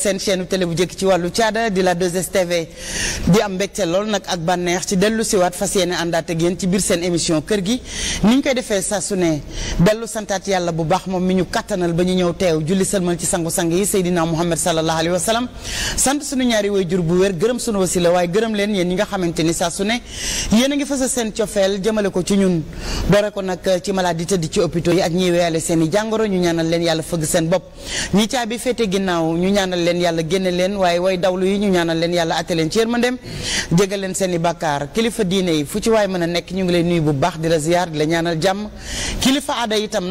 seen chaîne télé bu njëkk ci wàllu caada di la 2STV di am mbégte lool nag ak bànneex ci dellu siwaat fas yéene àndaat ak yéen ci biir seen émission kër gi ni ñu koy defee saa su ne dellu santaat yàlla bu baax moom mi ñu kattanal ba ñu ñëw teew julli sëlmal ci sangu-sang yi Seydina Muhammad sallallahu alayhi wa sallam sant suñu ñaari way jur bu wér gërëm suñu wasila waaye gërëm leen yéen ñi nga xamante ni saa su ne yéen a ngi fas seen cofeel jëmale ko ci ñun doore ko nag ci malade yi tëdd ci hôpitaux yi ak ñiy weyale seen i jàngoro ñu ñaanal leen yàlla fëgg seen bopp ñaanal leen yàlla génne leen waaye way dawlu yi ñu ñaanal leen yàlla atte leen ci yërmandeem jégal leen yi fu ci waay mën a nekk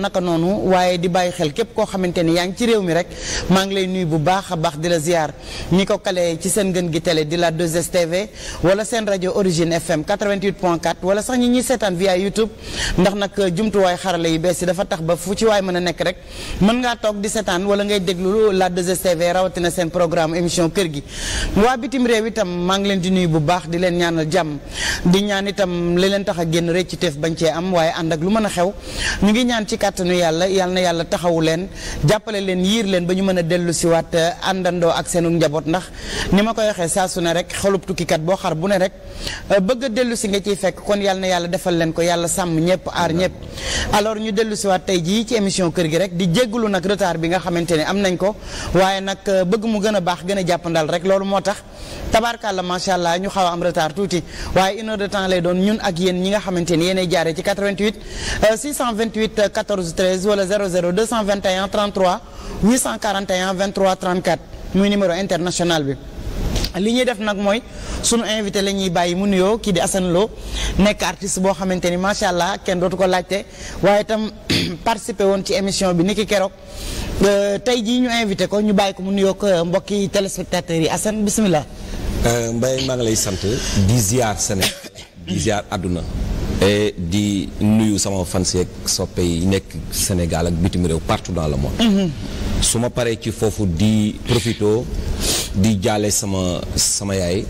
naka noonu waaye di bàyyi xel képp koo xamante ni yaa ngi ci réew mi rek maa ngi lay nuyu bu baax a baax di la ziyaar ñi ko kale ci seen gën gi télé di la 2STV wala seen rajo origine FM 88.4 wala sax ñi ñuy seetaan via YouTube ndax nag euh, jumtuwaay xarala yi bees yi dafa tax ba fu ci waay mën a nekk rek mën ngaa toog di seetaan wala ngay déglu la 2 rawatina seen programme émission kër gi waa bitim réew itam maa ngi leen di nuyu bu baax di leen ñaanal jàmm di ñaan itam li leen tax a génn rëcc teef bañ cee am waaye ànd lu mën a xew ñu ngi ñaan ci kàttanu yàlla yàlla na yàlla taxawu leen jàppale leen yiir leen ba ñu mën a dellu si eh, àndandoo ak seenu njaboot ndax ni ma koy waxee saasu su ne rek xolub tukkikat boo xar bu ne rek eh, bëgg a dellu si nga ciy fekk kon yàlla na yàlla defal leen ko yàlla sàmm ñëpp aar ñëpp alors ñu dellu si waat tey jii ci émission kër gi rek di jéggulu nag retard bi nga xamante ne am nañ ko ak euh, bëgg mu gën a baax gën a jàppandal rek loolu moo tax la macha allah ñu xaw a am retard tuuti waaye une heure de temps lay doon ñun ak yéen ñi nga xamante ni yéenay jaaree ci 88 628 14 13 wala 00 221 33 841 23 34 muy numéro international bi. li ñuy def nag mooy sunu invité la ñuy bàyyi mu nuyoo kii di Assane Lo nekk artiste boo xamante ni macha allah kenn dootu ko laajte waaye tam participé woon ci émission bi niki keroog euh, tey jii ñu invité ko ñu bàyyi ko mu nuyoo euh, mbokki téléspectateurs yi Assane bisimilah. Euh, Mbaye maa ngi lay sant di ziar Sénégal di ziar àdduna di nuyu sama fans ak soppe yi nekk Sénégal ak bitim réew partout dans le monde. Mm-hmm. su ma paree ci foofu di profito di jaale sama sama yaay.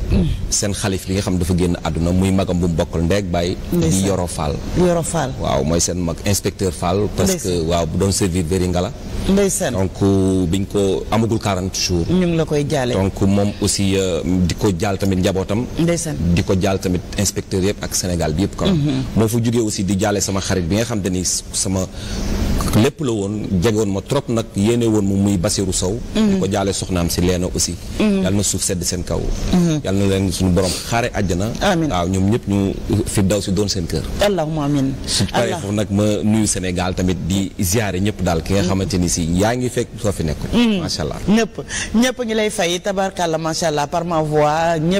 seen xalif bi nga xam dafa génn àdduna muy magam bu mu bokkal ndeeg bàyyi. di Yoro Fall. Yoro Fall waaw mooy seen mag inspecteur Fall. parce que waaw bu doon servir Véry Ngala. ndeysaan bi biñ ko amagul 40 jours. ñu ngi la koy jaale. donc moom aussi euh, di ko jaal tamit njabootam. ndeysaan di ko jaal tamit inspecteur yëpp ak Sénégal bi yëpp. Mhm. moo fa jógee aussi di jaale sama xarit bi nga xam te ni sama. lépp la woon jegoon ma trop nag yéene woon mu muy Basirou Sow. Mhm. di ko jaale soxnaam si leena aussi. Mhm. yàlla na suuf sedd seen kaw mhm. yàlla na leen suñu borom xaare àjjana amiin waaw ñoom ñëpp ñu fi daw si doon seen kër allahumma amiin su paree foofu nag ma nuyu Sénégal tamit di ziare ñëpp daal ki nga mhm. xamante ni si yaa ngi fekk soo fi nekkoon macha allah ñëpp ñëpp ngi lay fay tabarkàlla macha allah par ma voix ñu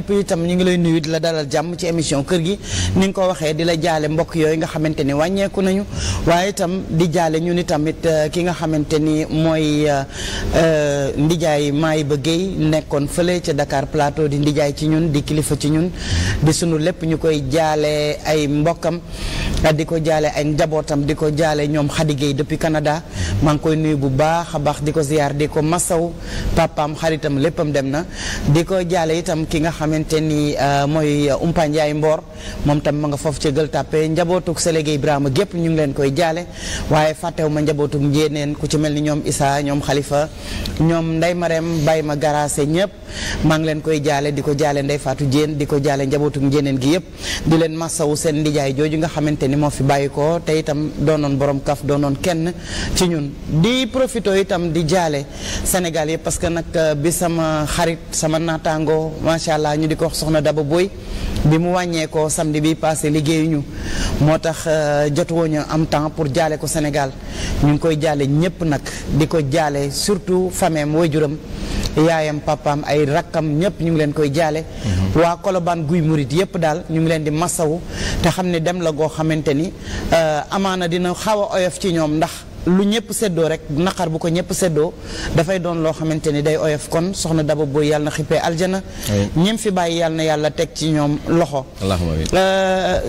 ngi lay nuyu di la ci émission kër gi ko waxee di la jaale mbokk yooyu nga xamante ni wàññeeku nañu waaye itam di jaale ñu ni eh, ki nga xamante ni mooy eh, eh, ndijaay maay kon fële ca Dakar Plateau di ndijaay ci ñun di kilifa ci ñun di suñu lépp ñu koy jaale ay mbokkam di ko jaale ay njabootam di ko jaale ñoom xadigéey depuis Canada maa ngi koy nuyu bu baax a baax di ko ziyaar di ko masaw papaam xaritam léppam dem na di ko jaale itam ki nga xamante ni euh, mooy Umpa Njaay Mboor moom tam ma nga foofu ca Gueule Tapée njabootuk Sélégué Ibrahima gépp ñu ngi leen koy jaale waaye fàttew ma njabootuk njéeneen ku ci mel ni ñoom Issa ñoom Xalifa ñëpp maa ngi leen koy jaale di ko jaale Ndeye Fatou Diène di ko jaale njabootu njéeneen gi yëpp di leen massawu seen ndijaay jooju nga xamante ni moo fi bàyyi ko te itam doonoon borom kaf doonoon kenn ci ñun di profitoo itam di jaale Sénégal yëpp parce que nag euh, bi sama xarit sama naataango macha allah ñu di ko soxna Daba Boy bi mu wàññeekoo samedi bi passé liggéeyuñu moo tax euh, jotu woñu am temps pour jaale ko Sénégal ngi koy jaale ñëpp nag di ko jaale surtout famem waajuram yaayam papaam ay rakkam ñëpp ñu ngi leen koy jaale mhm. waa Colobane guy murit yëpp daal ñu ngi leen di masawu te xam ni dem la goo xamante ni euh, amaana dina xaw a oyof ci ñoom ndax lu ñëpp seddoo rek naqar bu ko ñëpp seddoo dafay doon loo xamante ni day oyof kon soxna Daba Boye yàlla xippe aljana ñim fi bàyyi yàlla na yàlla teg ci ñoom loxo euh,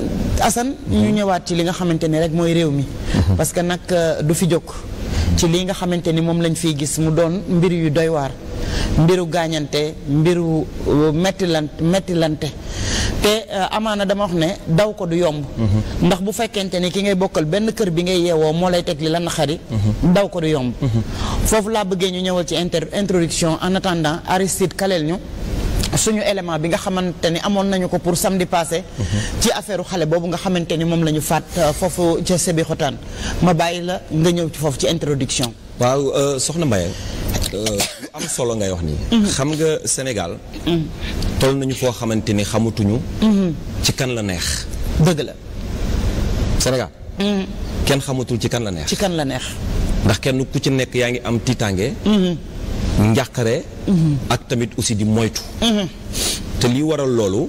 Assane ñu mhm. ñëwaat ci li nga xamante ni rek mooy réew mi mhm. parce que nag euh, du fi jóg ci lii nga xamante ni moom lañ fiy gis mu doon mbir yu doy waar mbiru gaañante mbiru uh, mettilante mettilante te uh, amaana dama wax ne daw ko du yomb mhm. ndax bu fekkente ni ki ngay bokkal benn kër bi ngay yeewoo moo lay teg li la naxari mhm. daw ko du yomb mhm. foofu laa bëggee ñu ñëwal ci inter introduction en attendant Aristide kaleel ñu suñu élément bi nga xamante ni amoon nañu ko pour samedi passé ci affaire xale boobu nga xamante ni moom la ñu faat euh, foofu ca Sébi Xotaan ma bàyyi la nga ñëw ci foofu ci introduction waaw euh, soxna Mbaye euh, lu am solo ngay wax nii mhm. xam nga Sénégal mhm. toll nañu foo xamante ni xamutuñu mhm. ci kan la neex dëgg la Sénégal kenn xamatul ci kan la neex ci kan la neex ndax kenn ku ci nekk yaa ngi am tiitaange njàqare ak tamit aussi di moytu te lii waral loolu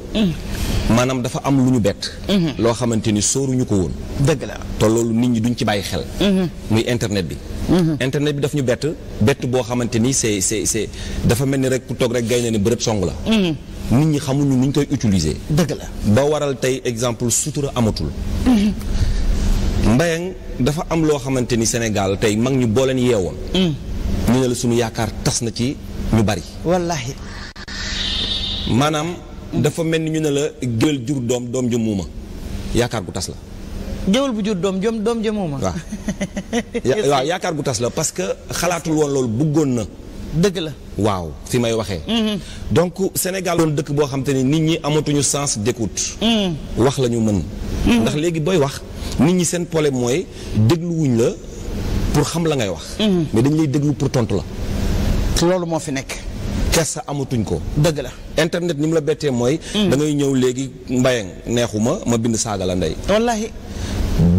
maanaam dafa am lu ñu bett loo xamante ni sóoruñu ko woon dëgg la te loolu nit ñi duñ ci bàyyi xel muy internet bi internet bi daf ñu bett bett boo xamante ni c'est c'est c'est dafa mel ni rek ku toog rek gay na ni bërëb song la nit ñi xamuñu nu ñu koy utiliser dëgg la ba waral tey exemple sutura amatul mbayang dafa am loo xamante ni Sénégal tey mag ñu boo leen yeewoon ñu ne la suñu yaakaar tas na ci ñu bari. wallaahi. maanaam dafa mel ni ñu ne la géwél jur doom doom ja muuma yaakaar gu tas la. géwél bu jur doom jom doom ja muuma. waaw yaakaar gu tas la parce que xalaatul woon loolu bëggoon na. dëgg la waaw fi may waxee. Mm-hmm. donc Sénégal doon dëkk boo xam te ni nit ñi amatuñu sens d'écoute. Mm. wax la ñu mën. Mm-hmm. ndax léegi booy wax nit ñi seen problème mooy dégluwuñ la. pour xam la ngay wax. Mhm. mais dañ lay déglu pour tontu la. loolu moo fi nekk. kes kersa amatuñ ko. dëgg la internet ni mu la bettee mooy. Mhm. dangay ñëw léegi mbayang neexuma ma bind saaga la ndey. wallaahi.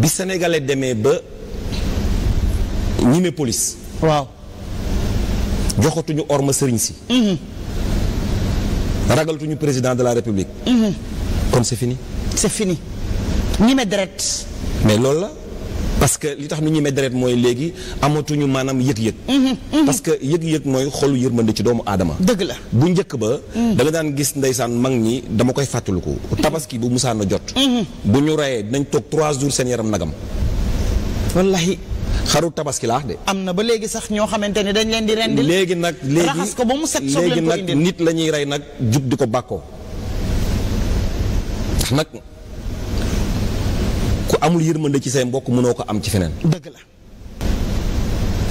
bi sénégalais demee ba ñi ne police. waaw. joxatuñu orma sëriñ si. Mhm. ragalatuñu président de la république. kon c'est fini. c'est fini. ñi deret mais loolu la. parce que li tax nu ñuy deret mooy léegi amatuñu maanaam yëg-yëg. Mhm, mhm. parce que yëg-yëg mooy xolu yërmande ci doomu aadama. dëgg la bu njëkk ba. Mhm. da daan gis ndeysaan mag ñi dama koy fàttaliku. tabaski bu musaan a jot. bu ñu reyee dinañ toog trois jours seen yaram nagam. wallahi xaru tabaski laax de. am na ba léegi sax ñoo xamante ne dañ leen di rendil. léegi nag léegi raxas ko ba mu set soog leen ko indil léegi nag nit la ñuy rey nag jug di ko bàkkoo ndax nag. ku amul yërmande ci say mbokk mënoo ko am ci feneen. dëgg la.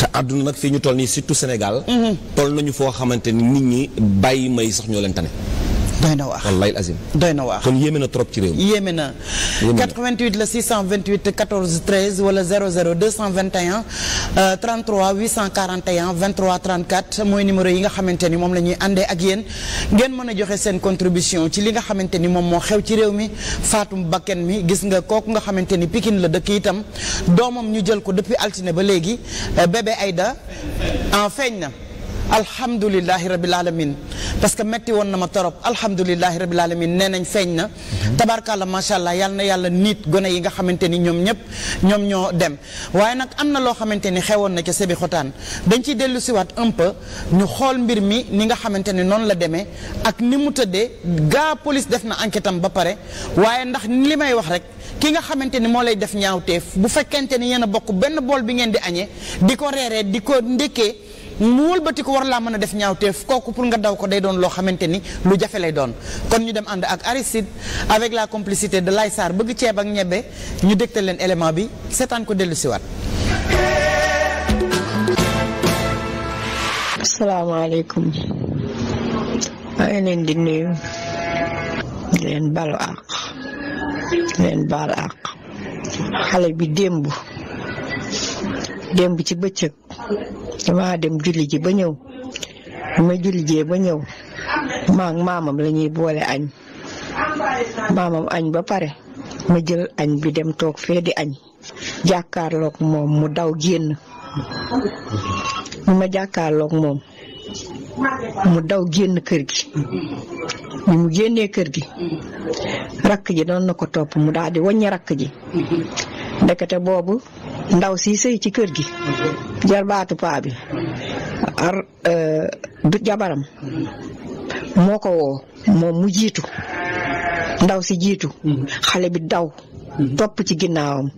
te àdduna nag fi ñu toll nii surtout Sénégal. Mm-hmm. toll nañu foo xamante ni nit ñi bàyyi may sax ñoo leen tane. doy na waax wallaay azim doy na waax kon yéeme na trop ci réew mi yéeme na 88 la 628 14 13 wala 00 221 33 841 23 34 mooy numéro yi nga xamante ni moom la ñuy àndee ak yéen ngeen mën a joxe seen contribution ci li nga xamante ni moom moo xew ci réew mi faatum bakken mi gis nga kooku nga xamante ni Pikine la dëkk itam doomam ñu jël ko depuis altine ba léegi euh, bébé Aïda en ah, feeñ na alhamdulilahi rabil alamin parce que metti woon na ma torop alhamdulilahi rabil alamin nee nañ feeñ na tabarkalla macha allah yal na yàlla nit gone yi nga xamante ni ñoom ñëpp ñoom ñoo dem waaye nag am na loo xamante ni xewoon na ca sebi xotaan dañ ciy dellu siwaat un peu ñu xool mbir mi ni nga xamante ni noonu la demee ak ni mu tëddee gaa police def na enquête am ba pare waaye ndax li may wax rek ki nga xamante ni moo lay def ñaawteef bu fekkente ni yéen a bokk benn bool bi ngeen di añee di ko reeree di ko ndékkee mu wëlbati ko war laa mën a def ñaawteef kooku pour nga daw ko day doon loo xamante ni lu jafe lay doon kon ñu dem ànd ak Aristide avec la complicité de Lay Sarr bëgg ceeb ak ñebe ñu dégtal leen élément bi seetaan ko dellu siwaat asalaamaaleykum maa ngi leen di nuyu leen balu àq leen baal àq xale bi démb démb ci bëccëg damaa dem julli ji ba ñëw ma julli ba ñëw maa ak maamam boole añ maamam añ ba pare ma jël añ bi dem toog fee di añ jàkkaarloog moom mu daw génn mu ma jàkkaarloog moom mu daw génn kër gi bi mu génnee kër gi rakk ji doon na ko topp mu daal di wàññi rakk ji ndekete boobu ndaw si sëy ci kër gi jarbaatu paa bi ar euh, du jabaram moo ko woo moom mu jiitu ndaw si jiitu xale bi daw topp ci ginnaawam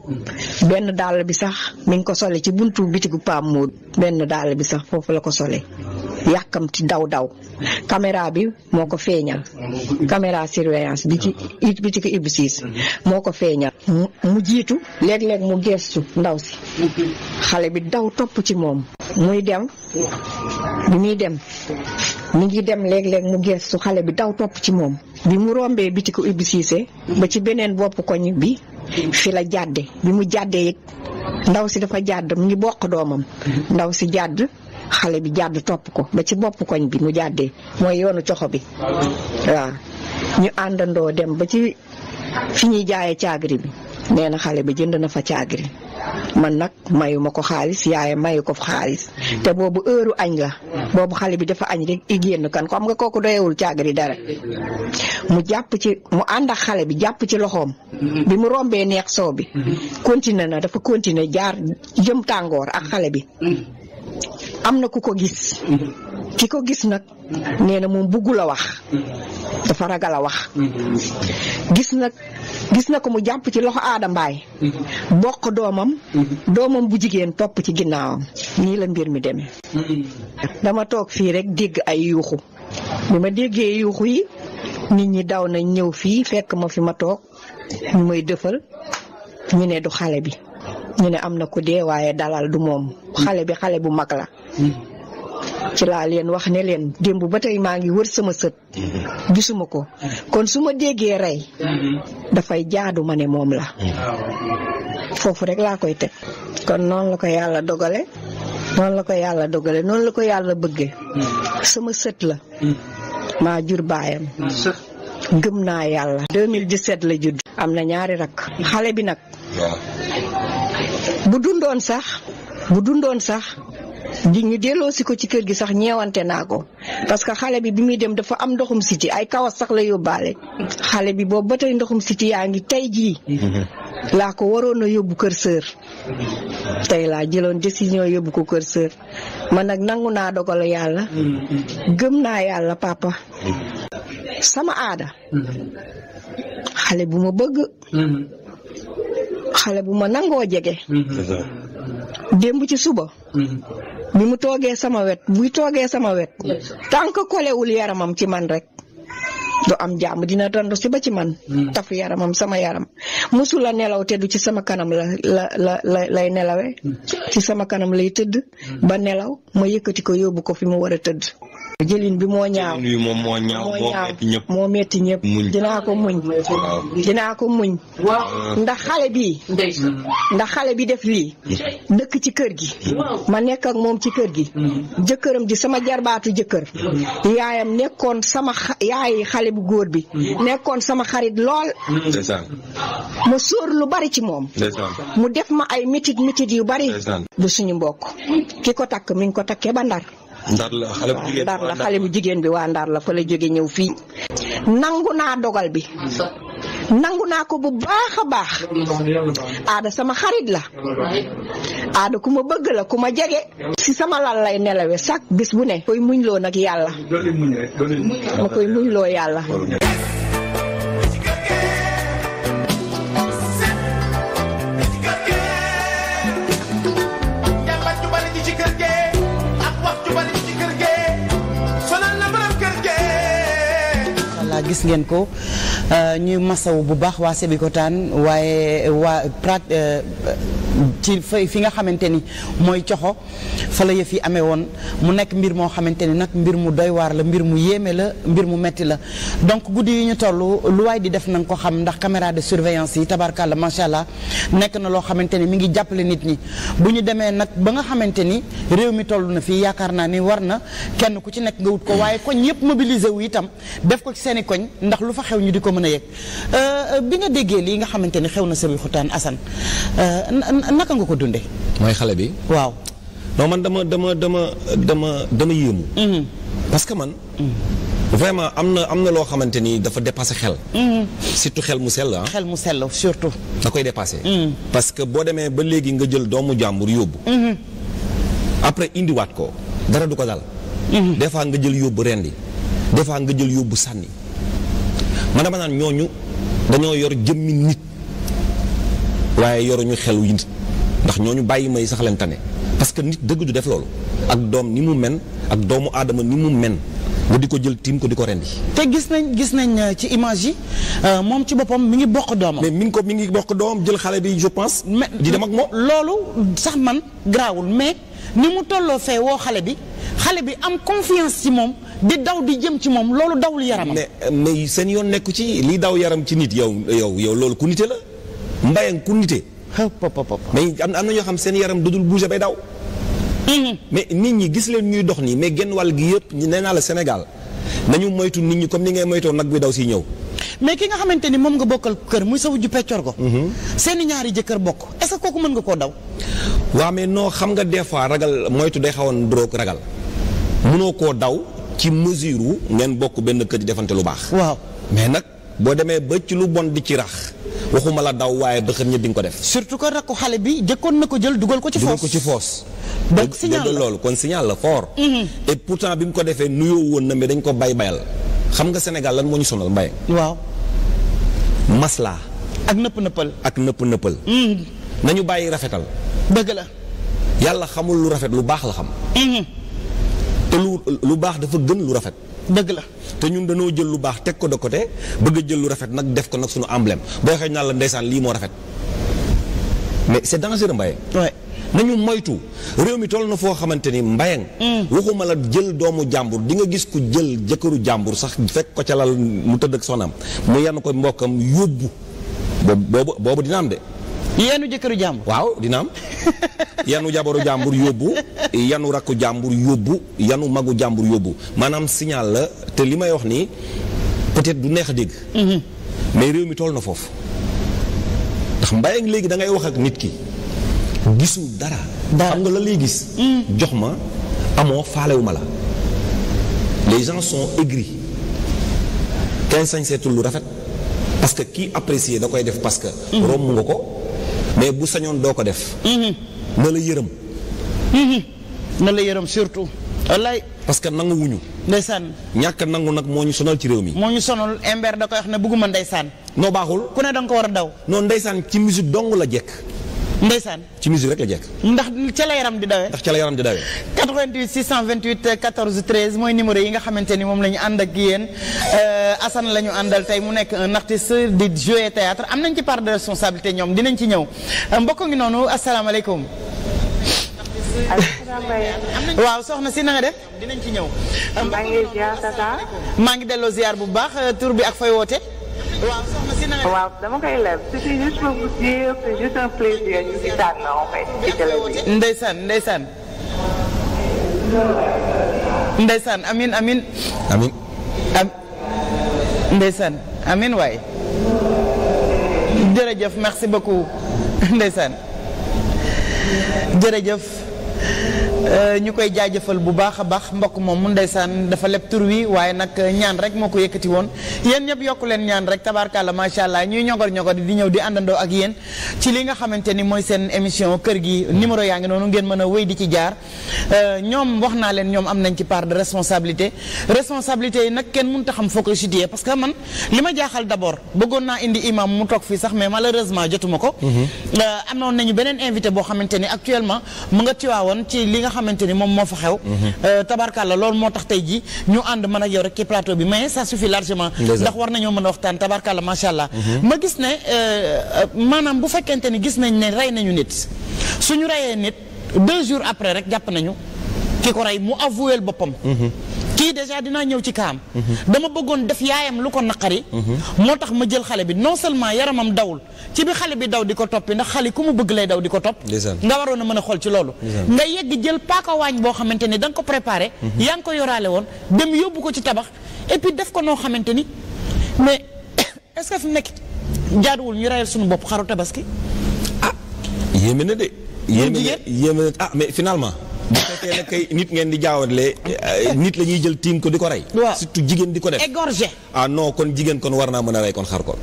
benn dàll bi sax mi ko sole ci buntu bitigu paam Moodu benn dàll bi sax foofu la ko sole yàkkamti daw daw caméra bi moo ko feeñal caméra surveillance bi ci it moo ko feeñal mu jiitu léeg-léeg mu geestu ndaw si xale bi daw topp ci moom muy dem bi muy dem mu ngi dem léeg-léeg mu geestu xale bi daw topp ci moom bi mu rombee bitiku ko Cissé ba ci beneen bopp koñ bi fi la jàdde bi mu jàddee it ndaw si dafa jàdd mu ngi bokk doomam ndaw si jàdd xale bi jàdd topp ko ba ci bopp koñ bi mu jàddee mooy yoonu coxo bi waaw ñu àndandoo dem ba ci fi ñuy jaayee caagri bi nee na xale bi jënd na fa caagri man nag mayuma ko xaalis yaaye mayu ko xaalis te boobu heure añ la boobu xale bi dafa añ rek i génn kan ko xam nga ko doyewul caagri dara mu jàpp ci mu ànd ak xale bi jàpp ci loxoom bi mu rombee neex soo bi mm-hmm. continué na dafa continué jaar jëm tàngoor ak xale bi am na ku ko gis ki ko gis nag nee na moom bëggul a wax dafa ragal a wax gis nag gis na ko mu jàpp ci loxo aada mbaay bokk doomam doomam bu jigéen topp ci ginnaawam nii la mbir mi demee dama toog fii rek dégg ay yuuxu bi ma déggee yuuxu yi nit ñi daw na ñëw fii fekk ma fi ma toog ñu may dëfal ñu ne du xale bi ñu ne am na ku dee waaye dalal du moom xale bi xale bu mag la. ci laa leen wax ne leen démb ba tey maa ngi wër sama sët gisuma ko kon su ma déggee rey dafay jaadu ma ne moom la foofu rek laa koy teg kon noonu la ko yàlla dogale noonu la ko yàlla dogale noonu la ko yàlla bëggee sama sët la maa jur baayam gëm naa yàlla 2017 la judd am na ñaari rakk xale bi nag bu dundoon sax bu dundoon sax di ñu delloo si ko ci kër gi sax ñeewante naa ko parce que xale bi bi muy dem dafa am ndoxum siti ay kawas sax la yóbbaale xale bi boobu ba tey ndoxum siti yaa ngi tey jii mm-hmm. laa ko waroon a yóbbu kër sër tey laa jëloon décision yóbbu ko kër sër man nag nangu naa dogal yàlla mm-hmm. gëm naa yàlla papa mm-hmm. sama aada xale bu ma bëgg xale bu ma nangoo jege. démb ci suba. bi mu toogee sama wet buy toogee sama wet. tant que kolewul yaramam ci man rek. du am jàmm dina dandu si ba ci man. taf yaramam sama yaram. musula nelaw te du ci sama kanam la la la la lay nelawe ci sama kanam lay tëdd. ba nelaw ma yëkkati ko yóbbu ko fi mu war tëdd. jëlin bi moo ñaaw jëlin bi moom moo ñaaw moo metti ñëpp moo metti ñëpp dinaa ko muñ dinaa ko muñ ah. ndax xale bi ndax xale bi def lii dëkk ci kër gi ma nekk ak moom ci kër gi mm. jëkkëram di sama jarbaatu jëkkër mm. yaayam nekkoon sama xale bu góor bi mm. nekkoon sama xarit lool mu sóor lu bari ci moom mu def ma ay mitit mitit yu bari du suñu mbokk ki ko takk mi ngi ko takkee ba ndar ndar la xale bu jigéen bi waa ndar la fa la jóge ñëw fii nangu naa dogal bi nangu naa ko bu baax a baax aada sama xarit la aada ku ma bëgg la ku ma jege si sama lal lay nelawe chaque bis bu ne koy muñ nag yàlla ma koy muñ yàlla ngeen ko euh, ñuy masawu bu baax waa sebi ko Sébikotane waaye waa pra euh, ci fi nga xamante ni mooy coxo fa la yëf yi amee woon mu nekk mbir moo xamante ni nag mbir mu doy waar la mbir mu yéeme la mbir mu metti la donc guddi yi ñu toll lu waay di def na nga ko xam ndax caméra de surveillance yi tabarkàlla macha allah nekk na loo xamante ni mi ngi jàppale nit ñi bu ñu demee nag ba nga xamante ni réew mi toll na fii yaakaar naa ni war na kenn ku ci nekk nga wut ko waaye koñ yëpp mobiliser wu itam def ko ci seeni koñ ndax lu fa xew ñu di ko mën a yëg euh, bi nga déggee lii nga xamante ni xew na sëriñ xutaan Assane euh, naka nga ko dundee mooy xale bi non man dama dama dama dama dama yéemu. Mhm. parce que man. vraiment am na am na loo xamante ni dafa dépassé xel. Mhm. surtout xel mu sell ah. xel mu sell surtout. da koy dépassé. Mhm. parce que boo demee ba léegi nga jël doomu jàmbur yóbbu. après indiwaat ko dara du ko dal. des fois nga jël yóbbu rendi des nga jël yóbbu sànni. man dama naan ñooñu dañoo yor jëmmi nit waaye yoruñu xelu yi nit ndax ñooñu bàyyi may sax leen tane. nit dëgg du def loolu ak doom ni mu men ak doomu aadama ni mu men nga di ko jël tiim ko di ko rendi te gis nañ gis nañ euh, ci image yi euh, moom ci boppam mu ngi bokk doomam. mi ngi ko mi ngi bokk doomam jël xale bi je pense. di dem ak moom loolu sax man garaawul mais ni mu tolloo fee woo xale bi xale bi am confiance ci moom di daw di jëm ci moom loolu dawul yaramam. mais mais seen yoon nekku ci lii daw yaram ci nit yow yow yow loolu ku nite la mbayang ku nite. mais am na ñoo xam seen yaram dudul bouger bay daw. mais nit ñi gis leen ñuy dox nii mais genn wàll gi yëpp nee naa la Sénégal nañu moytu nit ñi comme ni ngay moytoo nag bi daw si ñëw. mais ki nga xamante ni moom nga bokkal kër muy sa wujju peccor ko. Mhm. seen ñaari jëkkër bokk est-ce que kooku mën nga koo daw. waaw mais noo xam nga des fois ragal moytu day xawoon droog ragal mënoo koo daw ci mesure wu ngeen bokk benn kër di defante lu baax. waaw mais nag boo demee ba ci lu bon di ci rax. waxuma la daw waaye ba xëy na di nga ko def. surtout que rakku xale bi jëkkoon na ko jël dugal ko ci. foos dugal ko ci foos. donc la loolu kon signal la fort. Mhm. et pourtant bi mu ko defee nuyoo woon na mais dañ ko bay bayal xam nga senegal lan moo ñu sonal mbay. waaw. maslaa. ak nëpp nëppal. ak nëpp nëppal. Mhm. nañu bàyyi rafetal. dëgg la. yàlla xamul lu rafet lu baax la xam. Mhm. te lu lu baax dafa gën lu rafet. dëgg la te ñun dañoo jël lu baax teg ko de côté bëgg a jël lu rafet nag def ko nag suñu emblème booy xëy naa la ndeysaan lii moo rafet mais c'est dangereux Mbaye nañu moytu réew mi toll na foo xamante ni mbayang mm. waxuma la jël doomu jàmbur di nga gis ku jël jëkkëru jàmbur sax fekk ko ca lal mu tëdd ak soxnaam mu yenn ko mbokkam yóbbu boobu boobu dina am de yenu jëkkëru jàmbur. waaw dina am yanu jabaru jàmbur yóbbu yanu rakku jàmbur yóbbu yanu magu jàmbur yóbbu maanaam signal la te li may wax nii peut-être du neex a dégg. Mhm. mais réew mi toll na foofu ndax mbay léegi da ngay wax ak nit ki gisul dara. xam nga la lay mhm. jox ma amoo faalewuma la. les gens sont aigris kenn sañ seetul lu rafet parce que kii apprécier da koy def parce que. Mhm. romb nga ko. mais bu sañoon doo ko def. Mhm. na la yërëm. Mhm. na la yërëm surtout. wallaay parce que nangu wuñu. ndeysaan ñàkk nangu nag moo ñu sonal ci réew mi. moo ñu sonal imber da koy wax ne bëgguma ndeysaan. noo baaxul ku ne da nga ko war a daw. non ndeysaan ci musique dong la jekk. ndeysaan ci musique rek la jekk. ndax ca la yaram di dawee. ndax ca la yaram di dawee. mooy numéro yi nga xamante ni moom la ànd ak yéen euh, Assane la ñu àndal tey mu nekk un artiste di jouer théâtre am nañ ci part de responsabilité ñoom dinañ ci ñëw euh, mbokk ngi noonu asalaamaaleykum. waaw soxna si na nga def. dinañ ci ñëw. Euh, maa ngi ziar maa ngi delloo ziar bu baax tur bi ak fay woote. waaw dama koy leb c'est juste amin amin amin am ndeysaan amin waay. jërëjëf merci beaucoup ndeysaan jërëjëf. Euh, ñu koy jaajëfal bu baax a baax mbokk moom mu ndeysaan dafa leb tur wi waaye nag euh, ñaan rek moo ko yëkkati woon yéen ñëpp yokku leen ñaan rek tabaarkàlla macha allah ñuy ñogor ñogor di ñëw di àndandoo ak yéen ci li nga xamante ni mooy seen émission kër gi numéro yaa ngi noonu ngeen mën a wéy di ci jaar euh, ñoom wax naa leen ñoom am nañ ci part de responsabilité responsabilité yi nag kenn mënut a xam foo ko situé parce que man li ma jaaxal d'abord xamante ni moom moo fa xew mhm. euh, tabarkàlla loolu moo tax tey ji ñu ànd man ak yow rek ci plateau bi mais ça suffit largement ndax war nañoo mën a waxtaan tabarkàlla macha allah mhm. ma gis ne euh, euh, maanaam bu fekkente ni gis nañ ne rey nañu nit su ñu reyee nit deux jours après rek jàpp nañu ki ko rey mu avouel boppam kii déjà dinaa ñëw ci kaam dama bëggoon def yaayam lu ko naqari moo tax ma jël xale bi non seulement yaramam dawul ci bi xale bi daw di ko toppi ndax xale ku mu bëgg lay daw di ko topp nga waroon a mën a xool ci loolu nga yegg jël paaka waañ boo xamante ni da ko préparé yaa nga ko yoraale woon dem yóbbu ko ci tabax et puis def ko noo xamante ni mais est-ce que fi mu nekk jaaduwul ñu reyal suñu bopp xaru tabaski ah yéeme na de yéeme ah, finalement bu fekkee nag kay nit ngeen di jaawalee eh, nit la ñuy jël tiim ko di ko rey. surtout jigéen di ko def égorgé. ah non kon jigéen kon war naa mën a rey kon xar ko.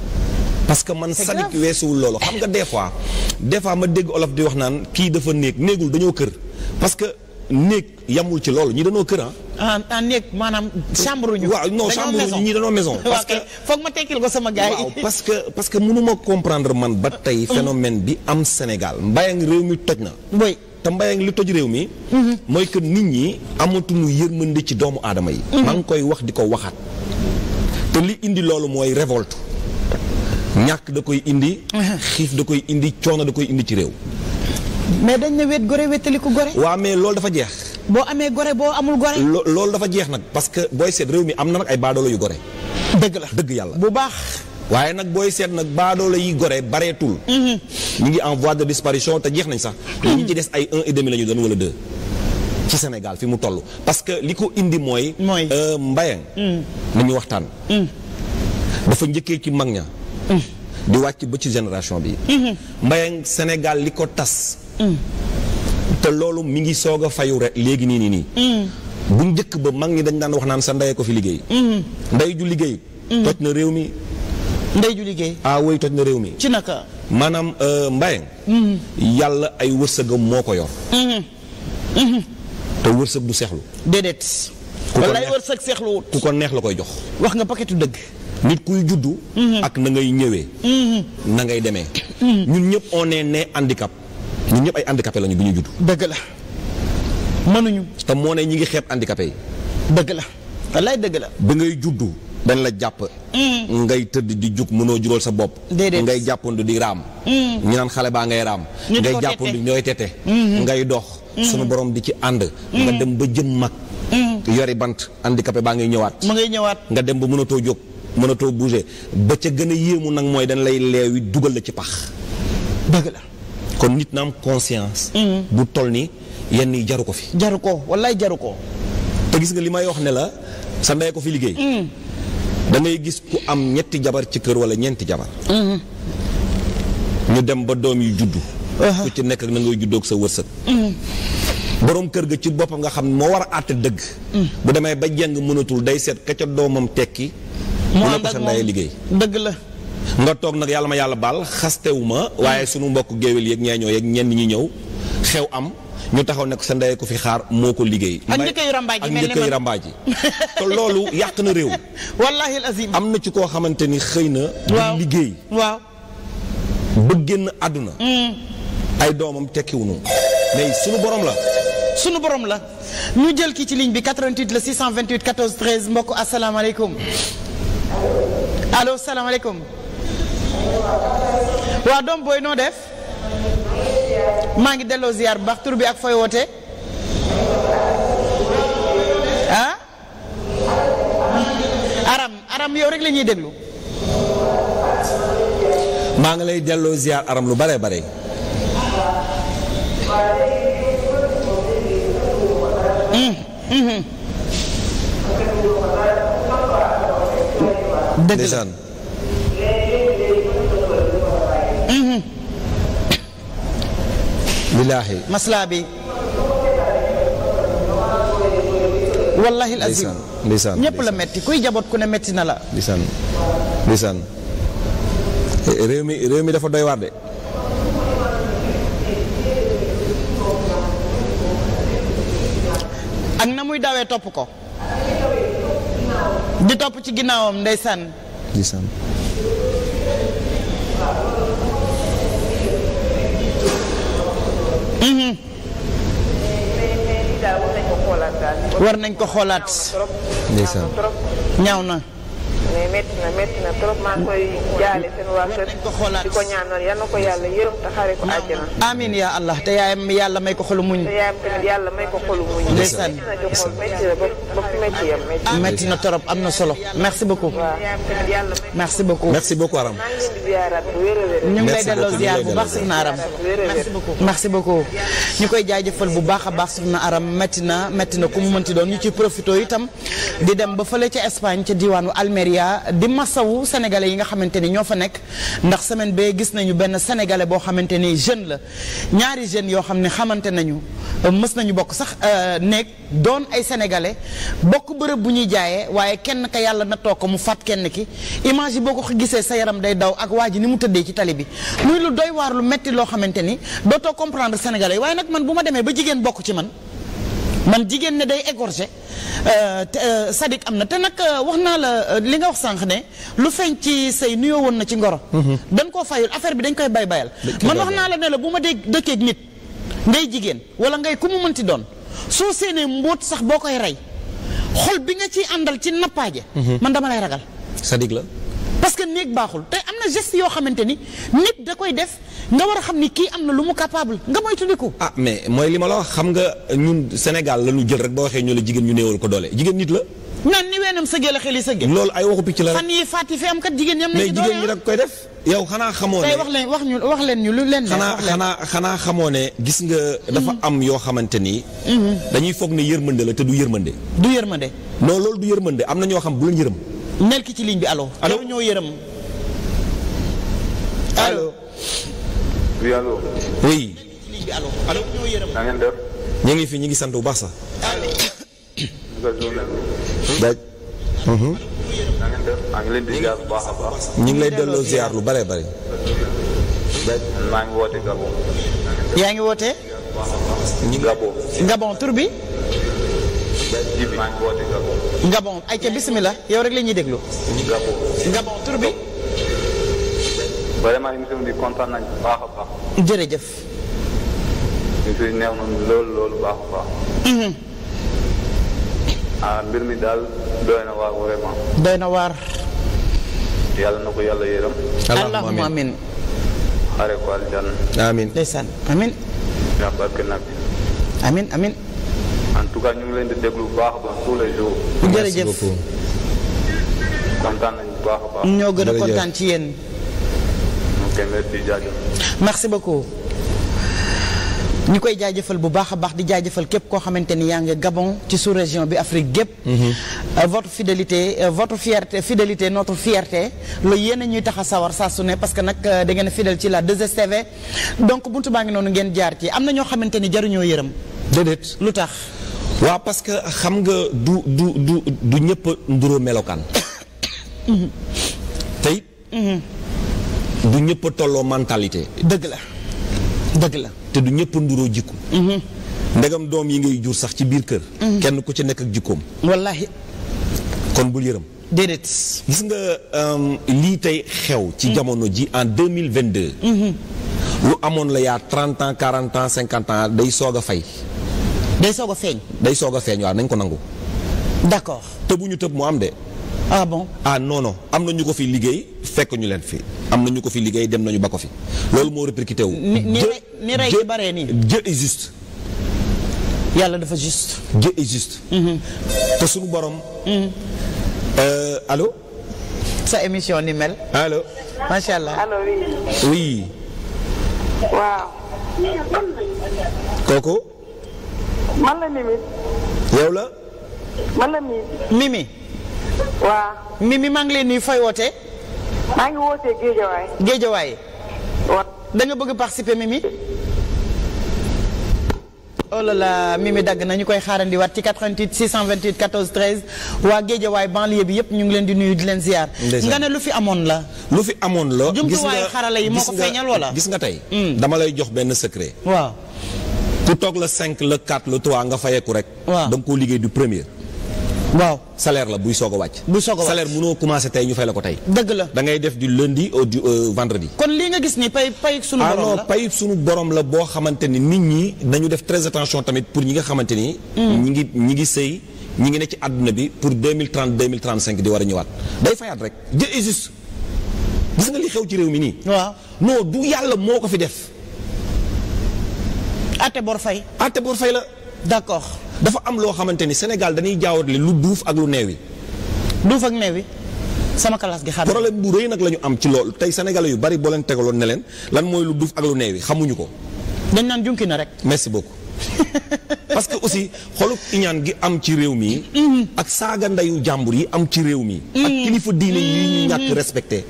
parce que man sadik weesuwul loolu xam nga des fois des fois ma dégg olof di wax naan kii dafa néeg néegul dañoo kër parce que néeg yamul ci loolu ñi dañoo kër ah. ah néeg maanaam chambre ñu. waaw non chambre ñi dañoo maison. parce que foog ma tekkil ko sama gars yi. waaw parce que parce que mënu ma comprendre man ba tey phénomène bi am Sénégal mbay ak réew mi toj na. te mbayang li toj réew mi. mooy que nit ñi amatuñu yërmande ci doomu aadama yi. maa koy wax di ko waxaat. te li indi loolu mooy révolte. ñàkk da koy indi. xiif da koy indi coono da koy indi ci réew. mais dañ ne wet gore wetali ko gore. waa mais loolu dafa jeex. boo amee gore boo amul gore. loolu dafa jeex nag parce que booy seet réew mi am na nag ay baadoolo yu gore. dëgg la dëgg yàlla bu baax. waaye nag booy seet nag baadoola yi gore bareetul. mu mhm. ngi en voie de disparition te jeex nañ sax. ñi mhm. ci des ay un et demi la ñu doon wala deux. ci Sénégal fi mu toll parce que li ko indi mooy. mooy euh, mbayang mhm. nañu waxtaan. dafa njëkkee ci mag ña. di wàcc ba ci génération bi. mbayang Sénégal li ko tas. te loolu mu ngi soog a fayu rek léegi nii nii nii. bu njëkk ba mag ñi dañ daan wax naan sa ndey ko fi liggéey. ndey ju liggéey. toj na réew mi. ndey ju liggéey. ah woy toj na réew mi. ci naka. maanaam euh, Mbaye. Mm-hmm. yàlla ay wërsëgam moo ko yor. Mm-hmm. Mm-hmm. te wërsëg du seexlu. déedéet. ku ko wërsëg seexluwut. ku ko neex la koy jox. wax nga paquetu dëgg. nit kuy juddu. ak na ngay ñëwee. na ngay demee. ñun ñëpp on est né handicap. ñun ñëpp ay handicapé lañu bi ñu judd. dëgg la. mënuñu. te moo ne ñi ngi xeeb handicapé yi. dëgg la. wallaay dëgg la. bi ngay juddu. dañ la jàpp. Mm-hmm. ngay tëdd di jug mënoo jural sa bopp. ngay jàppandu di raam. Mm-hmm. ñu naan xale baa ngay raam. ngay jàppandu ñooy teete mm-hmm. ngay dox. sunu boroom di ci ànd. nga dem ba jëm mag. yori bant handicapé baa ngay ñëwaat. ma ngay ñëwaat nga dem ba mënatoo jóg mënatoo bouger ba ca gën a yéemu nag mooy dañ lay leewi dugal la ci pax. kon nit na am conscience. bu toll ni yenn yi jaru ko fi. jaru ko wallaay jaru ko. te gis nga li may wax ne la sa ndey ko fi liggéey. Mm. da gis ku am ñetti jabar ci kër wala ñeenti jabar. ñu dem ba doom yu juddu. Uh-huh. ku ci nekk ak na ngay juddoog sa wërsëg. Uh-huh. borom kër ga ci boppam nga xam moo war a àtte dëgg. Uh-huh. bu demee ba jeng mënatul day seet ka ca doomam tekki. mu ne ko sa liggéey dëgg la. nga toog nag yàlla ma yàlla baal xastewu ma waaye sunu mbokk géwél yeeg ñeeñoo yeeg ñenn ñi ñëw xew am. ñu taxaw nekk ko sa ndey ko fi xaar moo ko liggéey. ak njëkkëy rambaaj yi mel ni man te loolu yàq na réew. wallaahi azim am na ci koo xamante ni xëy na. waaw liggéey. waaw ba génn àdduna. Mm. ay doomam tekkiwunu mais sunu borom la. sunu borom la ñu jël kii ci ligne bi 88 la 628 14 13 mbokk asalaamaaleykum allo salaamaaleykum. waa doom booy noo def. maa ngi delloo ziar bu bi ak fooy woote ah aram aram yow rek la déglu maa ngi lay delloo ziar aram lu bare bare hmm, hmm, hmm. dëgg billaahi maslaa bi wallahi al azim ndeysaan ñëpp la metti kuy jaboot ku ne metti na la ndeysaan ndeysaan eh, réew mi réew mi dafa doy waar de ak na muy dawee topp ko di topp ci ginnaawam ndeysaan ndeysaan Mhm. war nañ ko xoolaat. ndeysaan ñaaw na. mais métti na métti na trop maa ngi koy jaale seen waa kër di ko ñaanal yal na ko yàlla yërëm te xare ko àjjana. amiin yaa Allah te yaayam yàlla may ko xolu muñ. te yaayam tamit yàlla may ko xolu muñ. ndeysaan métti na torop am na solo. merci beaucoup. merci beaucoup. merci beaucoup Aram. ñu ngi lay delloo ziar bu baax soxna Aram. ñu koy jaajëfal bu baax a baax soxna Aram métti na métti na ku mu mënti doon ñu ci profité itam di dem ba fële ca Espagne ca diwaanu Almeria di masawu sénégalais yi nga xamante ni ñoo fa nekk ndax semaine bee gis nañu benn sénégalais boo xamante ni jeune la ñaari jeunes yoo xam ne xamante nañu mës nañu bokk sax euh, nekk doon ay sénégalais. bokk bërëb bu ñuy jaayee waaye kenn ka yàlla na toog ko mu faat kenn ki image boo ko gisee sa yaram day daw ak waa ji ni mu tëddee ci tali bi muy lu doy waar lu metti loo xamante ni dootoo comprendre sénégalais waaye nag man bu ma demee ba jigéen bokk ci man man jigéen ne day égorgé euh, euh, sadik am na te nag euh, wax naa la li nga wax sànq ne lu feeñ ci say nuyoo woon na ci ngoro mm-hmm. dañ koo fayul affaire bi dañ koy bay bayal man wax naa la ne la bu ma dee dëkkeeg nit ngay jigéen wala ngay ku mu mënti doon soo séenee mbóot sax boo koy rey xol bi nga ci àndal ci nappaaje mhm. man dama lay ragal sadig la parce que néeg baaxul te am na geste yoo xamante ni nit da koy def nga war a xam ni kii am na lu mu capable nga mooy tundiku ah mais mooy li ma la wax xam nga ñun Sénégal la ñu jël rek boo waxee ñu la jigéen ñu néewal ko doole jigéen nit la naan ni weenam sëgee la xel yi sëgee. loolu ay waxu picc la rek fan yii fàtti fi am kat jigéen ñam. mais jigéen ñi ah. rek koy def. yow xanaa xamoo ne tey wax leen wax ñu wax leen ñu lu leen ne. xanaa xanaa xanaa xamoo ne. gis nga. dafa mm-hmm. am yoo xamante ni. Mm-hmm. dañuy foog ne yërmande la te du yërmande. du yërmande. non loolu du yërmande am na ñoo xam bu leen yërëm. mel ki ci ligne bi allo. allo ñoo yërëm. allo. oui ñoo ñu ngi fi ñu ngi sant bu baax sax. daj. maa ngi ñu ngi lay delloo ziar lu bare bare. daj maa ngi yaa ngi woote. Gabon. Gabon tur bi. maa ngi woote Gabon. Gabon ay ca bisimilah yow rek la déglu. Gabon. Gabon bi. vraiment émission ah mbir mi daal doy na waar vraiment. doy na waar. yàlla na ko yàlla yërëm. allahumma amiin xare ko aljanna. amiin ndeysaan amiin. yaa barke nag. amiin amiin. en tout cas ñu ngi leen di déglu bu baax ba tous les jours. jërëjëf merci nañu bu baax a baax. ñoo gën a kontaan ci yéen. merci jaajëf. ñu koy jaajëfal bu baax a baax di jaajëfal képp koo xamante ni yaa ngi Gabon ci sous région bi Afrique gépp mhm. euh, votre fidélité euh, votre fierté fidélité notre fierté loolu yéen a ñuy tax a sawar saa su ne parce que nag euh, da ngeen a fidèle ci la 2STV donc buntu baa ngi noonu ngeen jaar ci am na ñoo xamante ni jaruñoo yërëm déedéet lu tax waa parce que xam nga du du du ñëpp nduroo melokaan tey du ñëpp mhm. mhm. tolloo mentalité dëgg la dëgg la te du ñëpp nduroo jikko mhm. ndegam doom yi ngay jur sax ci biir kër mhm. kenn ku ci nekk ak jikkoom wallahi kon bul yërëm déedéet gis nga euh, lii tey xew ci mhm. jamono ji en 2022 lu amoon la yaa 30 ans 40 ans 50 ans day soog a fay day soog a feeñ day soog a feeñ waaw nañ ko nangu d'accord te bu ñu tëb mu am de ah bon ah non am na ñu ko fi liggéey fekk ñu leen fi am na ñu ko fi liggéey dem nañu ba ko fi loolu moo répercuté wu. ni rey bare nii Dieu est juste. yàlla dafa juste. Dieu est mhm. te suñu borom. Mhm. Euh, allo. sa émission ni mel. allo. macha allah allo oui. waaw. kooku. man la Mimi. Mimi. waaw. Mimi maa ngi leen di fay woote. maa ngi wootee Géejawaay. Géejawaay. waaw. bëgg participer Mimi. oh là Mimi dagg na ñu koy xaarandiwaat ci 88 628 14 13 waa Géejawaay banlieue bi yëpp ñu ngi leen di nuyu di leen ziar. nga ne lu fi amoon la. fi amoon la. gis nga jumtuwaayu xarala yi moo ko feeñal wala. gis nga tey. Hmm. dama lay jox benn secret. waaw. ku toog la 5 la 4 la 3 nga fayeku rek. waa da nga liggéey du premier. waaw salaire la buy soog a wàcc. buy soog a wàcc salaire mënoo commencé tey ñu fay la ko tey. dëgg la da def du lundi au du euh, vendredi. kon lii nga gis ni pay pay sunu ah borom la ah non pay la boo xamante ni nit ñi nañu def très attention tamit pour ñi nga xamante ni. Hmm. ñi ngi ñi ngi sëy ñi ngi ne ci àdduna bi pour 2030 2035 di war a ñëwaat day fayaat rek Dieu est juste gis nga li xew ci réew mi nii. waaw non du yàlla moo ko fi def. ate bor fay. ate la. d'accord dafa am loo xamante ni Sénégal dañuy jaawatle lu duuf ak lu yi duuf ak neewi sama classe gi xam problème bu rëy nag la ñu am ci lool tey sénégalais yu bari boo leen tegaloon ne leen lan mooy lu duuf ak lu neewi xamuñu ko. dañ naan junki na rek. merci beaucoup. parce que aussi xolub iñaan gi am ci réew mii mm-hmm. ak saaga ndeyu jàmbur yi am ci réew mi. ak mm-hmm. kilifa diine yi ñu ñàkk mm-hmm. respecté.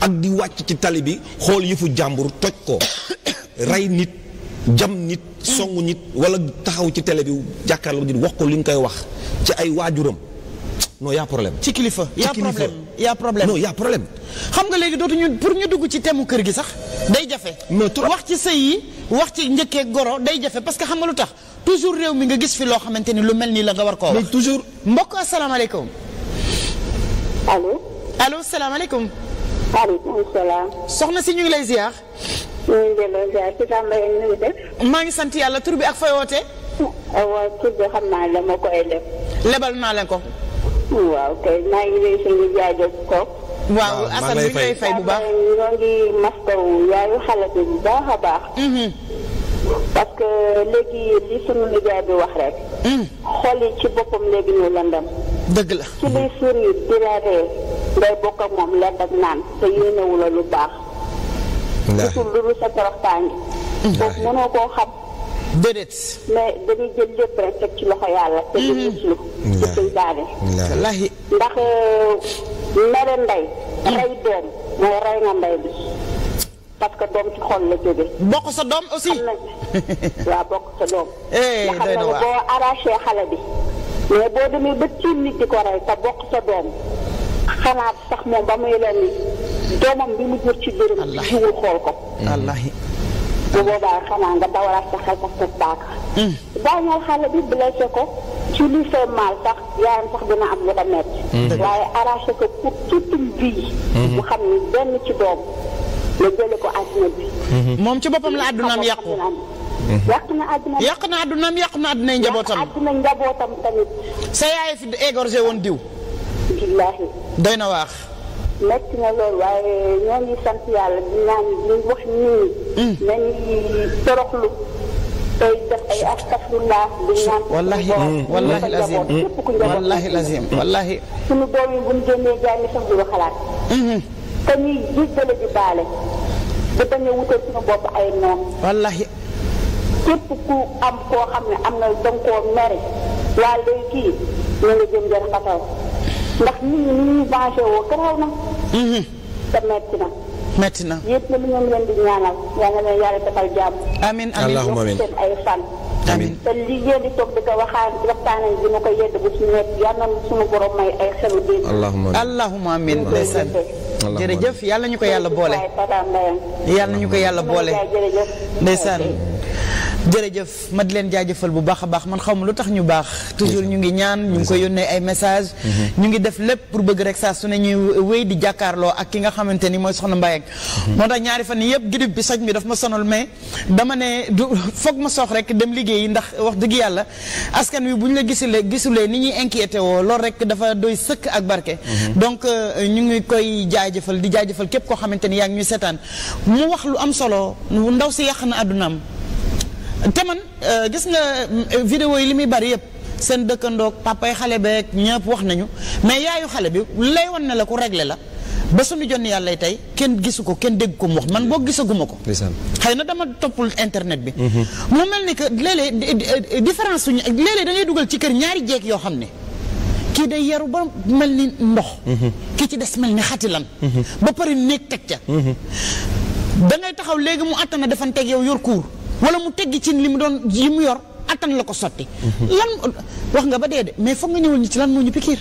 ak di wàcc ci tali bi xool yëfu jàmbur toj ko rey nit. jam nit songu nit wala taxaw ci télé bi jàkkaarloo nit wax ko li nga koy wax ci ay waajuram non y' problème. ci kilifa y' a problème y' yaa problème non problème. xam nga léegi dootuñu pour ñu dugg ci temu kër gi sax day jafe. mais trop wax ci sëy yi wax ci njëkkee goro day jafe parce que xam nga lu tax toujours réew mi nga gis fi loo xamante ni lu mel nii la nga war koo wax. mais toujours mbokk asalaamaaleykum. allo. allo salaamaaleykum. maaleykum salaam. soxna si ñu ngi lay ziar. ñu maa ngi sant yàlla tur bi ak fay waaw tur bi xam naa la ma koy def. lebal naa leen ko. waaw kay maa ngi lay suñu jaajëf ko. waaw Assane mi ngi fay bu baax ñoo ngi maskawu yaayu xale bi baax a baax. Mm-hmm. parce que léegi li suñu nijaay bi wax rek. Mm. xol yi ci boppam léegi ñu lëndam. dëgg la ci liy suur yi di ngay bokk moom lënd naan te yéenewu la lu baax. gisul lu dul sa toroxtaange boobu mënoo koo xam déedéet mais dañuy jël lépp rek teg ci loxo yàlla te di muslu ci ndax euh, mere ndey rey doom mooy rey nga ndey bi parce que doom ci xol la jóge bokk sa doom aussi am na waaw sa doom eh, nga xam ne boo arraché xale bi mais boo demee ba tiim nit di ko rey te bokk sa doom xalaat sax moom ba muy leen doomam bi mu jur ci biiram. wallaahi jiwul xool ko. wallaahi. bu boobaa xanaa nga dawalaat sa xel sax sa paaka. Hmm. daañal xale bi blessé ko ci li fay mal sax yaayam sax dina am lu ko metti. Hmm. waaye arraché ko pour toute une vie. Hmm. mu xam ni benn ci doom la jële ko àdduna bi. moom ci boppam la àddunaam yàqu. yàq na àdduna yàq na àddunaam yàq na àddunay njabootam. yàq àdduna njabootam tamit. sa woon diw. billaahi na waax metti na lool waaye ñoo ngi sant yàlla di naan di wax nii mm. nañu toroxlu tey def ay astafurlah di naan wallahi wallahi lazim wallahi lazim wallahi suñu doom buñ génnee jaay mi sax du xalaat mm-hmm. te ñuy jéggale di baale da bañ a wutal suñu bopp ay noon wallahi képp ku am koo xam ne am na danga koo mere waa léegi kii ñu jëm jër xatal ndax nit ñi ni ñuy vengé woo garaaw na. Mhm. te metti na. metti na yëpp lu ngeen leen di ñaanal yaa nga leen yàlla defal jàmm. amiin amiin allahumma amiin seen toog di ko waxaan waxtaanee di ma ko yedd bu su nekk yal suñu borom may ay xelu dégg. allahumma amiin ndeysaan jërëjëf yal ñu ko yàlla boole. yal ñu ko yàlla boole ndeysaan jërëjëf ma di leen jaajëfal bu baax a baax man xaw ma lu tax ñu baax toujours ñu ngi ñaan ñu ngi koy yónnee ay message mhm. ñu ngi def lépp pour bëgg rek saa su ne ñuy wéy di jàkkaarloo ak ki nga xamante ni mooy soxna Mbaye ak mhm. moo tax ñaari fan yëpp girib bi soj mi daf ma sonal mais dama ne du ma soox rek dem liggéeyi ndax wax dëgg yàlla askan wi bu ñu la gisulee gisulee ni ñuy inquiété woo loolu rek dafa doy sëkk ak barke mhm. donc euh, ñu ngi koy jaajëfal di jaajëfal képp koo xamante ni yaa ngi ñu seetaan mu wax lu am solo ndaw si yàq na àddunaam te man euh, gis nga euh, vidéo yi li muy bari yëpp seen dëkkandoog papay xale beeg ñëpp wax nañu mais yaayu xale bi lay wan ne la ku réglé la ba suñu jonn yàlla tey kenn gisu ko kenn dégg ko mu wax man boo gisaguma ko xëy na dama toppul internet bi mhm. mu mel ni que léeg différence suñu léeg-léeg da dugal ci kër ñaari jeeg yoo xam ne kii de yaru ba mel ni ndox mhm. kii ci des mel ni xatilan mhm. ba pare néeg teg ca da taxaw léegi mu àttana defanteeg yow yor kuur wala mu teggi ci li mu doon yi mu yor attan la ko sotti. Mhm. lan wax nga ba dee de mais foog nga ñëwul ñu ci lan moo ñu pikiir.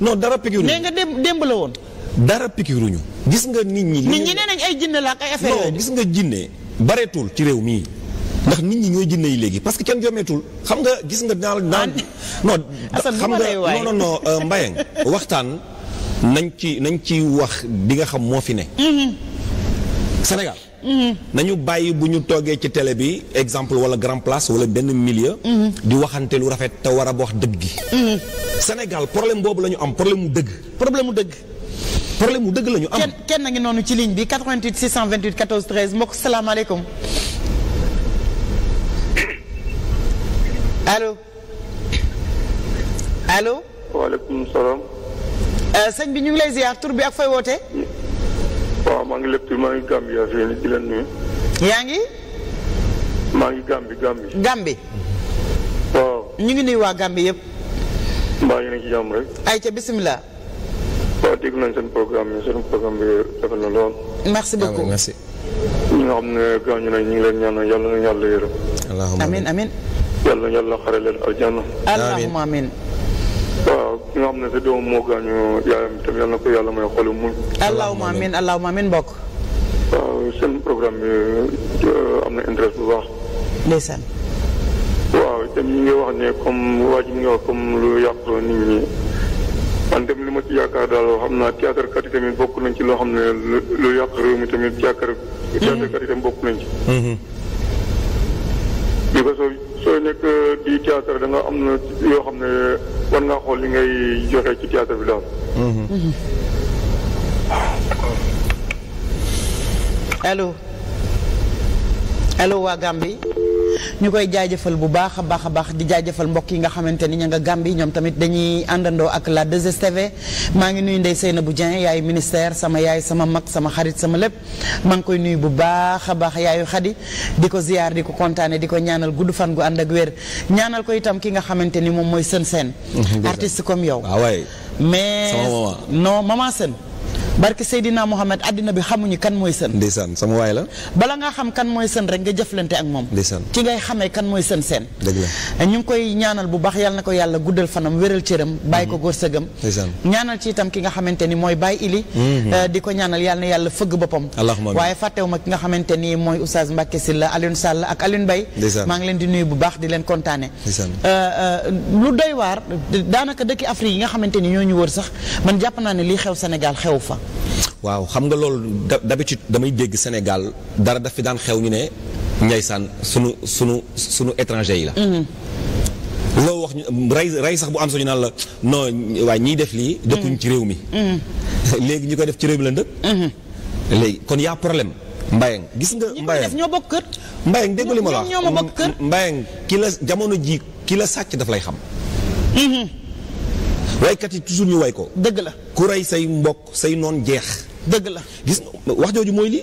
non dara pikiiru nee nga démb démb woon. dara pikiiruñu gis nga nit ñi. nit ñi nee ay jinne la ak ay affaire yooyu non gis nga jinne bareetul ci réew mii. ndax nit ñi ñooy jinne léegi parce que kenn joomeetul xam nga gis nga naan naan non xam nga non non euh, Mbayang waxtaan nañ ci nañ ci wax di nga xam moo fi ne mhm. Sénégal nañu bàyyi bu ñu toogee ci télé bi exemple wala grand place wala benn milieu. di waxante lu rafet te war a wax dëgg gi. Sénégal problème boobu lañu am problème mu dëgg. problème mu dëgg. problème mu dëgg la ñu am. kenn a ngi noonu ci ligne bi 88 628 14 13 mbokk salaamaaleykum. allo. allo. waaleykum salaam. Euh, sëñ bi ñu ngi lay ziar tur bi ak fay wootee. waaw maa ngi lépp maa ngi Gambie yaa fi di leen nuyu. yaa ngi. maa ngi Gambie Gambie. Gambie. waaw. ñu ngi nuyu waa Gambie yëpp. mbaa yéen a ngi ci jàmm rek. ayca bisimilah. waaw dégg nañ seen programme bi seen programme bi defe na lool. merci beaucoup merci. ñi nga xam ne gaañu nañ ñu ngi leen ñaanal yàlla na yàlla yërëm. amiin amiin yàlla na yàlla xare leen aljanna. allahumma amiin. waaw ki xam ne sa doom moo gaañu yaayam itam yal na ko yàlla may xolu muñ. allahumma amiin allahumma amiin mbokk. waaw seen programme bi euh, am na intérêt bu baax. ndeysaan. waaw itam ñi wax ne comme waa ji mi ngi wax comme lu yàqu nit ñi. man dem li ma ci yaakaar daal xam naa théâtre kat yi tamit bokk nañ ci loo xam ne lu yàq réew mi tamit théâtre. Mm-hmm. théâtre kat tamit bokk nañ ci. Mm-hmm. sooy nekk euh, di théâtre da nga am na yoo xam ne war ngaa xool li ngay joxe ci théâtre bi daal. allo allo waa gàmbi ñu koy jaajëfal bu baax a baax a baax di jaajëfal mbokk yi nga xamante ni ña nga Gàmbi ñoom tamit dañuy àndandoo ak la 2STV maa ngi nuyu na bu jen yaay ministère sama yaay sama mag sama xarit sama lépp maa ngi koy nuyu bu baax a baax yaayu xadi di ko ziyaar di ko kontaane di ko ñaanal gudd fan gu ànd ak wér ñaanal ko itam ki nga xamante ni moom mooy sën seen mm-hmm. artiste comme yow ah mais non maman sën barke Seydina Mohamed àddina bi xamuñu kan mooy seen. ndeysaan sama waay la. bala ngaa xam kan mooy seen rek nga jëflante ak moom. ndeysaan ci ngay xamee kan mooy seen seen. ñu ngi koy ñaanal bu baax yàlla na ko yàlla guddal fanam wéral cëram. bàyyi ko mm-hmm. góor sëgam. ñaanal ci itam ki nga xamante ni mooy Baye Ili. Mm-hmm. Eh, di ko ñaanal yàlla na yàlla fëgg boppam. waaye fàttewuma ki nga xamante ni mooy Oustaz Mbacke Sylla Alioune Sall ak Alioune Mbaye. maa ngi leen di nuyu bu baax di leen kontaane. Eh, eh, lu doy waar daanaka dëkki Afrique yi nga xamante ni ñoo ñu wër sax man jàpp naa ne lii xew Sénégal xew fa waaw xam nga loolu d'habitude damay dégg Sénégal dara daf fi daan xew ñu ne njaysaan sunu sunu sunu étranger yi la. Mhm. loo wax ñu rey rey sax bu am sañu naan la non waaye ñiy def lii. dëkkuñ mhm. ci réew mi. Mhm. léegi ñu koy def ci réew mi la ndëkk. léegi kon y a problème Mbayang gis nga. Mbayang ñoo bokk kër. Mbayang déggu ma la wax Mbayang ki la jamono ji ki la sàcc daf lay xam. waykat yi toujours ñu way ko. dëgg la ku rey say mbokk say noon jeex. dëgg la gis wax jooju mooy lii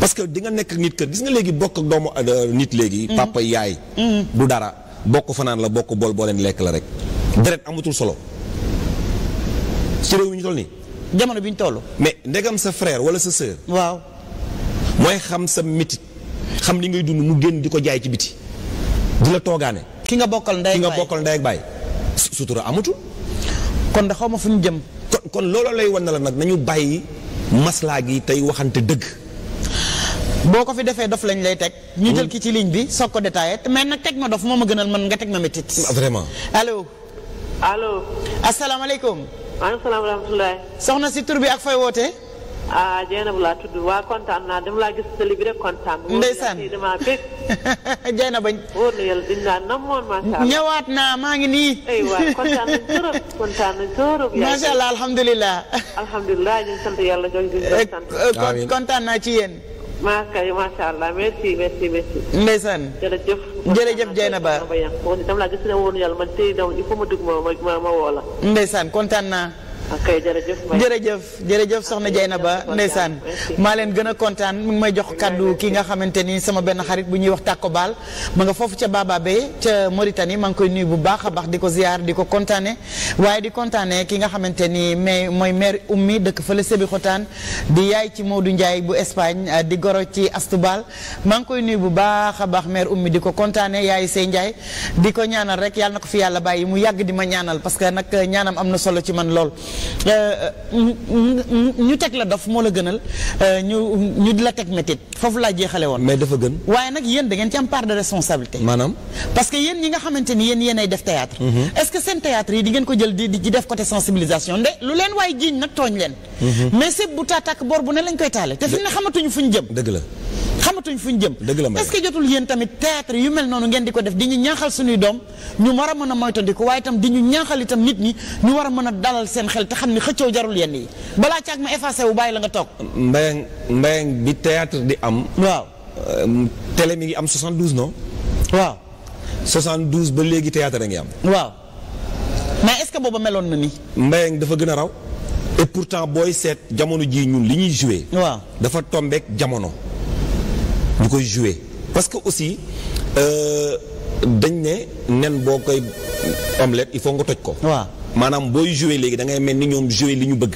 parce que di nga nekk nit kër gis nga léegi bokk ak doomu euh, nit léegi. Mm-hmm. papa yaay. Mm-hmm. du dara bokk fanaan la bokk bool boo leen lekk la rek. deret amatul solo ci réew mi ñu toll nii. jamono bi ñu toll. mais ndegam sa frère wala sa sœur. waaw. mooy xam sa métit xam li ngay dund mu génn di ko jaay ci biti. di la toogaane. ki nga bokkal ndey ak nga bokkal ndey ak baay sutura amatul. kon da xaw ma fu ñu jëm. kon looloo lay wan na la nag nañu bàyyi maslaa gi tey waxante dëgg. boo ko fi defee dof lañ lay teg. ñu jël hmm? ki ci ligne bi soog ko détaillé mais nag teg ma dof moo ma gënal man nga teg ma métit. Ah, vraiment allo. allo. asalaamaaleykum. maaleykum soxna si tur bi ak fay wootee. ah Dieynaba laa tudd waa kontaan naa dama laa gis télé bi rek kontaan. ndeysaan wóor na yàlla Dieynaba. wóor na yàlla dañu laa namoon macha allah ñëwaat naa maa ngi nii. aywa kontaan nañu trop kontaan nañu trop. macha allah alhamdulilah. alhamdulilah ñu ngi sant yàlla jox ñu ngi sant. Eh, eh, amiin kontaan naa ci yéen. maa kay macha allah merci merci merci. ndeysaan. jërëjëf. jërëjëf Dieynaba dama laa gis ne wóor na yàlla man tey daw il faut ma dugg ma ma ma woo la. ndeysaan kontaan naa. ok jërëjëf jërëjëf jërëjëf soxna ba ndeysaan maa leen gën a kontaan mu ngi may jox kàddu ki nga xamante ni sama benn xarit bu ñuy wax tàkko baal ma nga foofu ca Bababe ca Mauritanie maa ngi koy nuyu bu baax a baax di ko ziar di ko kontaane waaye di kontaane ki nga xamante ni mais mooy maire ummi dëkk fële Sébikotane di yaay ci moodu Ndiaye bu Espagne ah, di goro ci astu Astoubal maa ngi koy nuyu bu baax a baax maire ummi di ko kontaane yaay Sey Ndiaye di ko ñaanal rek yàlla ko fi yàlla bàyyi mu yàgg di ma ñaanal parce que nag ñaanam am na solo ci man lool Euh, euh, ñu teg la dof moo la gënal euh, ñu ñu di la teg métit foofu laa jeexale woon. mais dafa gën. waaye nag yéen da ngeen part de responsabilité. maanaam. parce que yéen ñi nga xamante ni yéen yéenay def théâtre mm-hmm. est-ce que seen théâtre yi di ngeen ko jël di di def côté sensibilisation nde lu leen waaye jiiñ nag tooñ leen. Mm-hmm. mais sëb bu taatak boor bu ne lañ koy taale. te fi ne xamatuñu fu ñu jëm. dëgg la. xamatuñ ñu jëm. dëgg la est que jotul yéen tamit théâtre yu mel noonu ngeen di ko def di ñu ñaaxal suñuy doom ñu war a mën a moytandiku waaye itam di ñu ñaaxal itam nit ñi ñu war a mën a dalal seen xel te xam ne xëccoo jarul yenn yi balaa caag ma effacé wu bàyyi la nga toog. mbayan mbayang bi théâtre di am. waaw euh, tele mi ngi am 72 non. waaw. 72 ba léegi théâtre a ngi am. waaw mais est-ce que booba meloon na ni. mbayang dafa gën a raw. et pourtant booy seet jamono jii ñun li ñuy joué. waaw dafa tombeek jamono. ñu koy jouer parce que aussi euh, dañ ne nen boo koy omelette il faut nga toj ko. waaw maanaam booy jouer léegi dangay mel ni ñoom jouer li ñu bëgg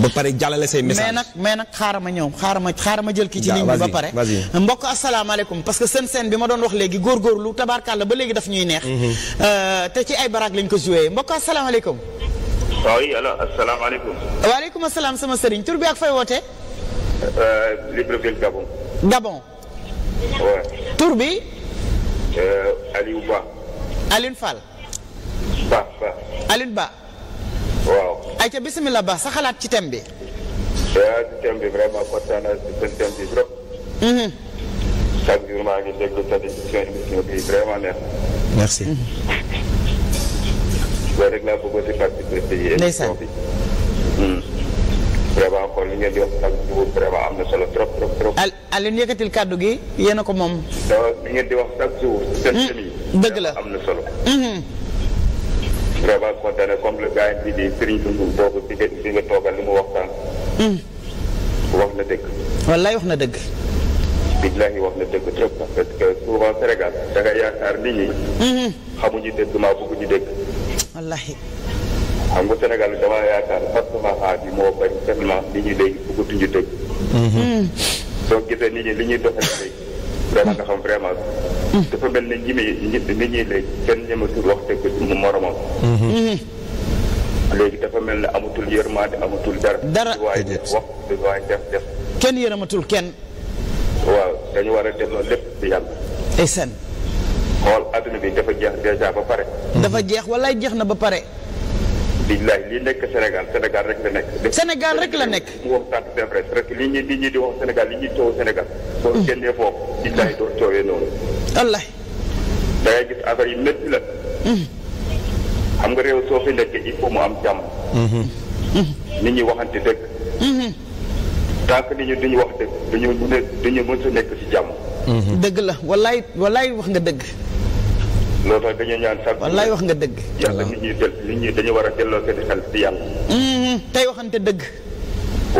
ba pare jàllale say message mais nag mais nag xaaral ma ñëw xaaral ma xaaral ma jël ki ci ligne bi ba pare mbokk asalaamaaleykum parce que seen seen bi ma doon wax léegi góorgóorlu tabaarkàlla ba léegi daf ñuy neex. Mhm. Euh, te ci ay baraag lañ ko joué mbokk asalaamaaleykum. waaw yàlla asalaamaaleykum. waaleykum asalaam sama sëriñ tur bi fay wootee. Euh, Libreville Gabon. tur bi. Euh, Aliou Ba. Alioune Fall. Ba Ba. Alioune Ba. waaw. ayca bisimilah Ba sa xalaat ci thème bi. waaw euh, ci bi vraiment kontaan naa ci seen thème bi trop. Mhm. chaque jour maa ngi sa émission émission bi mhm. di participer. ndeysaan. vraiment kon li ngeen di wax ak dugub vraiment am na solo trop trop trop. al Alioune yëkkatil kàddu gi yéen a ko moom. li ngeen di wax ak dugub. seen hmm, dëgg la am na solo. Hmm. vraiment kontaan comme le gars yi nga toogal li mu waxtaan. Hmm. wax na dëgg. wallaay wax na dëgg. billahi wax na dëgg trop parce que souvent Sénégal da nga yaakaar nit ñi. xamuñu dëgg maa bëgguñu dëgg. wallaahi. xam nga Sénégal bi damaa yaakaar partenariat bi moo bañ seetla li ñuy léegi bëggatuñ ñu tëj. Mm-hmm. soo gisee nit li ñuy doxalee léegi. vraiment mm-hmm. dafa mel ne ñi muy nit ñi léegi kenn mm-hmm. dafa mel ni amatul di amatul dara. dara waaye def wax waaye def def. kenn yërëmatul kenn. waaw dañu war a delloo lépp ci yàlla. ndeysaan. xool adduna bi dafa jeex déjà ba pare. dafa jeex walaay jeex na ba pare. billahi li nekk Sénégal Sénégal rek la nekk. Sénégal rek la nekk. mu wax tànk de presse rek li ñuy di wax Sénégal li ñuy coow Sénégal. boo hmm. génnee foofu billahi doo coowee noonu. wallaay. da gis affaire yi métti la. Hmm. xam nga réew soo fi nekk il faut mu am jàmm. Hmm. nit ñi waxante dëgg. tant que nit ñi duñu wax dëgg duñu ne duñu mën sa nekk si jàmm. dëgg la wallaay wallaay wax nga dëgg. loolu tax dañoo ñaan sax. wallaay wax nga dëgg. yàlla nit ñi del nit ñi dañu war a delloo seen xel ci yàlla. Mm-hmm. tey waxante dëgg.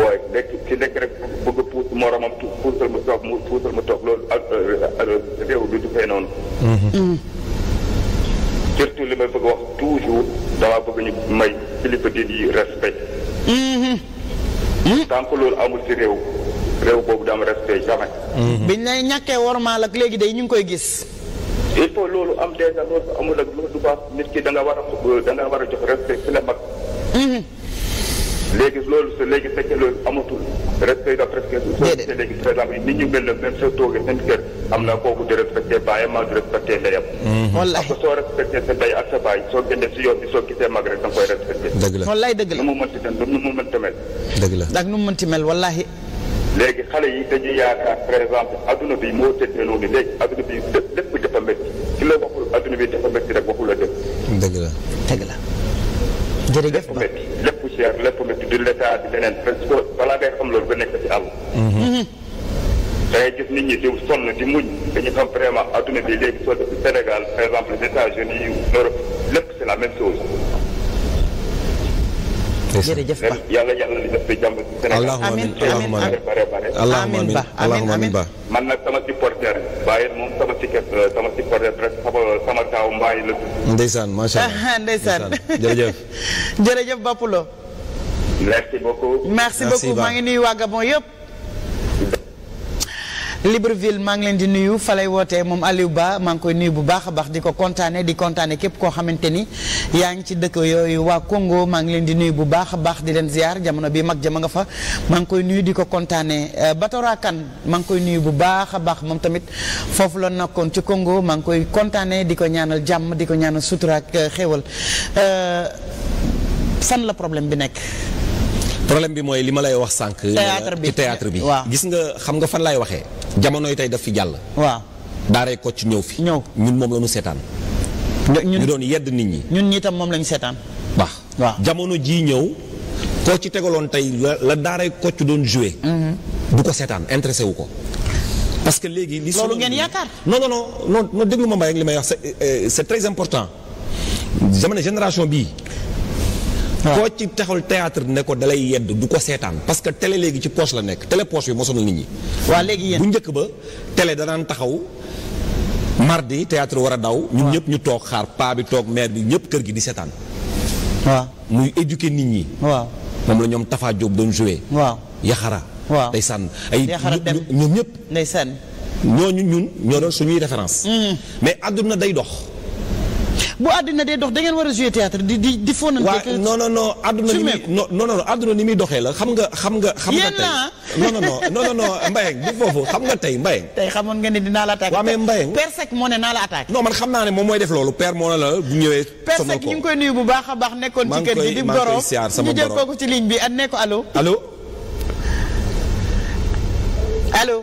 waaye nekk ci nekk rek bëgg a puus moromam puusal mu toog mu toog loolu ak euh, euh, euh, réew bi du fee noonu. Mm-hmm. Mm-hmm. surtout li may bëgg yi respect. tant loolu amul ci réew réew boobu dama respect jamais. biñ lay ñàkkee wormaal ak léegi day ñu ngi koy gis. il faut loolu am déjà loolu amul ak loolu du war a a jox respect ci la mag. Mhm. léegi loolu sa léegi fekkee loolu amatul respect da presque soo léegi par exemple nit ñu mel ne même soo am na kooku di respecté baayam maa di respecté ndeyam mhm. soo respecté sa ndey ak sa baay soo si yoon bi soo gisee mag rek da nga koy respecté dëgg la wallaay la nu mu mënti mel nu la ak nu mu mënti mel wallaahi léegi xale yi dañuy yaakaar par exemple adduna bi moo tëddee noonu léegi adduna bi lépp lépp dafa métti ki la waxul adduna bi dafa métti rek waxul la dëgg. dëgg la dëgg la. jërëjëf lépp métti lépp cher lépp métti du l'état di leneen presque balaa ngay xam loolu ba nekk ci àll. Mhm. da ngay gis nit ñi di na di muñ dañu xam vraiment adduna bi léegi soo def Sénégal par exemple les États-Unis Europe lépp c'est la même chose. jërëjëf ba yàlla yàlla li def ba amiin ba man nag sama supporter Baye moom sama ticket euh, sama supporter rek sama taaw Mbaye la ndeysaan macha allah ndeysaan jërëjëf jërëjëf Bapulo merci beaucoup merci beaucoup maa ngi nuyu waa yëpp Libreville maa ngi leen di nuyu fa lay wootee moom Aliou Ba maa ngi koy nuyu bu baax a baax di ko kontaane di kontaane képp koo xamante ni yaa ngi ci dëkk yooyu waa kongo maa ngi leen di nuyu bu baax a baax di leen ziar jamono bi mag jama nga fa maa ngi koy nuyu di ko kontaane euh, Batora Kane maa ngi koy nuyu bu baax a baax moom tamit foofu la nekkoon ci kongo maa ngi koy kontaane di ko ñaanal jàmm di ko ñaanal suturaak ak euh, xéewal euh, fan la problème bi nekk problème bi mooy li ma lay wax sànq. Euh, ci théâtre bi gis nga xam nga fan laay waxee. jamonoy yi tey daf fi jàll. waaw daaree Kocc ñëw fi. ñëw ñun moom la ñu seetaan. ñu doon yedd nit ñi. ñun ñi tam moom la ñu seetaan. baax jamono jii ñëw. koo ci tegaloon tey la la daaray Kocc doon joué. Mhm. du ko seetaan intéressé wu ko. parce que léegi li. loolu ngeen yaakaar. non non non non non déglu ma mbay ak li may wax c'est euh, très important. jamono génération bii koo ci taxul théâtre ne ko dalay yedd du ko seetaan parce que télé léegi ci poche la nekk télé poche bi moo na nit ñi waaw bu njëkk ba télé danaan taxaw mardi théâtre war a daw ñun ñëpp ñu toog xaar paa bi toog maire bi ñëpp kër gi di seetaan waaw muy éduquer nit ñi waaw moom la ñoom tafaa Diop doon joué waaw yaxara waaw day sànn ay ñoom ñëpp day sànn ñooñu ñun ñoo doon suñuy référence mm-hmm. mais àdduna day dox bu àddina dee dox da ngeen war a jouer théâtre di di di fóonante. waaw non non non àdduna ni muy non non non àdduna ni muy doxee la xam nga xam nga. xam nga tey non non non non non Mbaye bu foofu xam nga tey Mbaye. tey xamoon nga ni dinaa la attaqué. waaw mais Mbaye. Père Seck moo ne naa la attaqué. non man xam naa ne moom mooy def loolu père moo ne la bu ñëwee. sama ko Père Seck ñu ngi koy nuyu bu baax a baax nekkoon ci kër gi di borom ñu jël kooku ci ligne bi ak ne ko allo. allo. allo.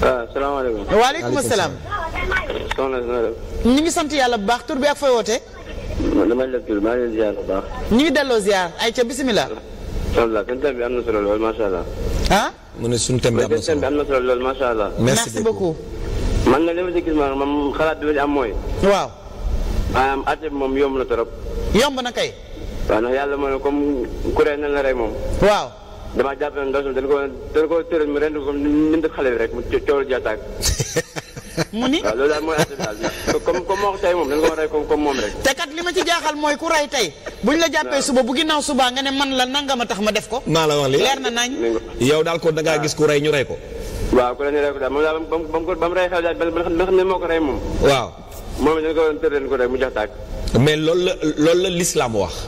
waaw ah, salaamaaleykum. waaleykum salaam. soxna si ngi sant yàlla bu baax tur bi ak fooy wootee. man damay leb ñu ngi delloo ziar ay ca bisimilah. alhamdulilah seen thème bi am na solo lool macha allah. ah. mu ne suñu thème bi am na solo lool macha allah. merci beaucoup man na li ma si gis maanaam xalaat bi ma am mooy. waaw. maanaam àtte bi moom yomb na trop. yomb na kay. waaw ndax yàlla mooy comme kuréel na la moom. waaw. damaa jàpp ne ndaw si dañu xale bi rek mu coow la mu ni waaw loolu daal mooy àtte daal comme comme moom dañ ko a rey comme comme moom te kat li ma ci jaaxal mooy ku rey tey buñ la jàppee suba bu ginnaaw suba nga ne man la nangama tax ma def ko. maa la wax li leer na nañ. yow daal ko da gis ku rey ñu rey ko. waaw ku rey ñu rey ko daal ba mu rey xel daal ba moo ko rey moom. waaw. moom dañ mu jox tàkk. mais loolu la loolu la l'islam wax.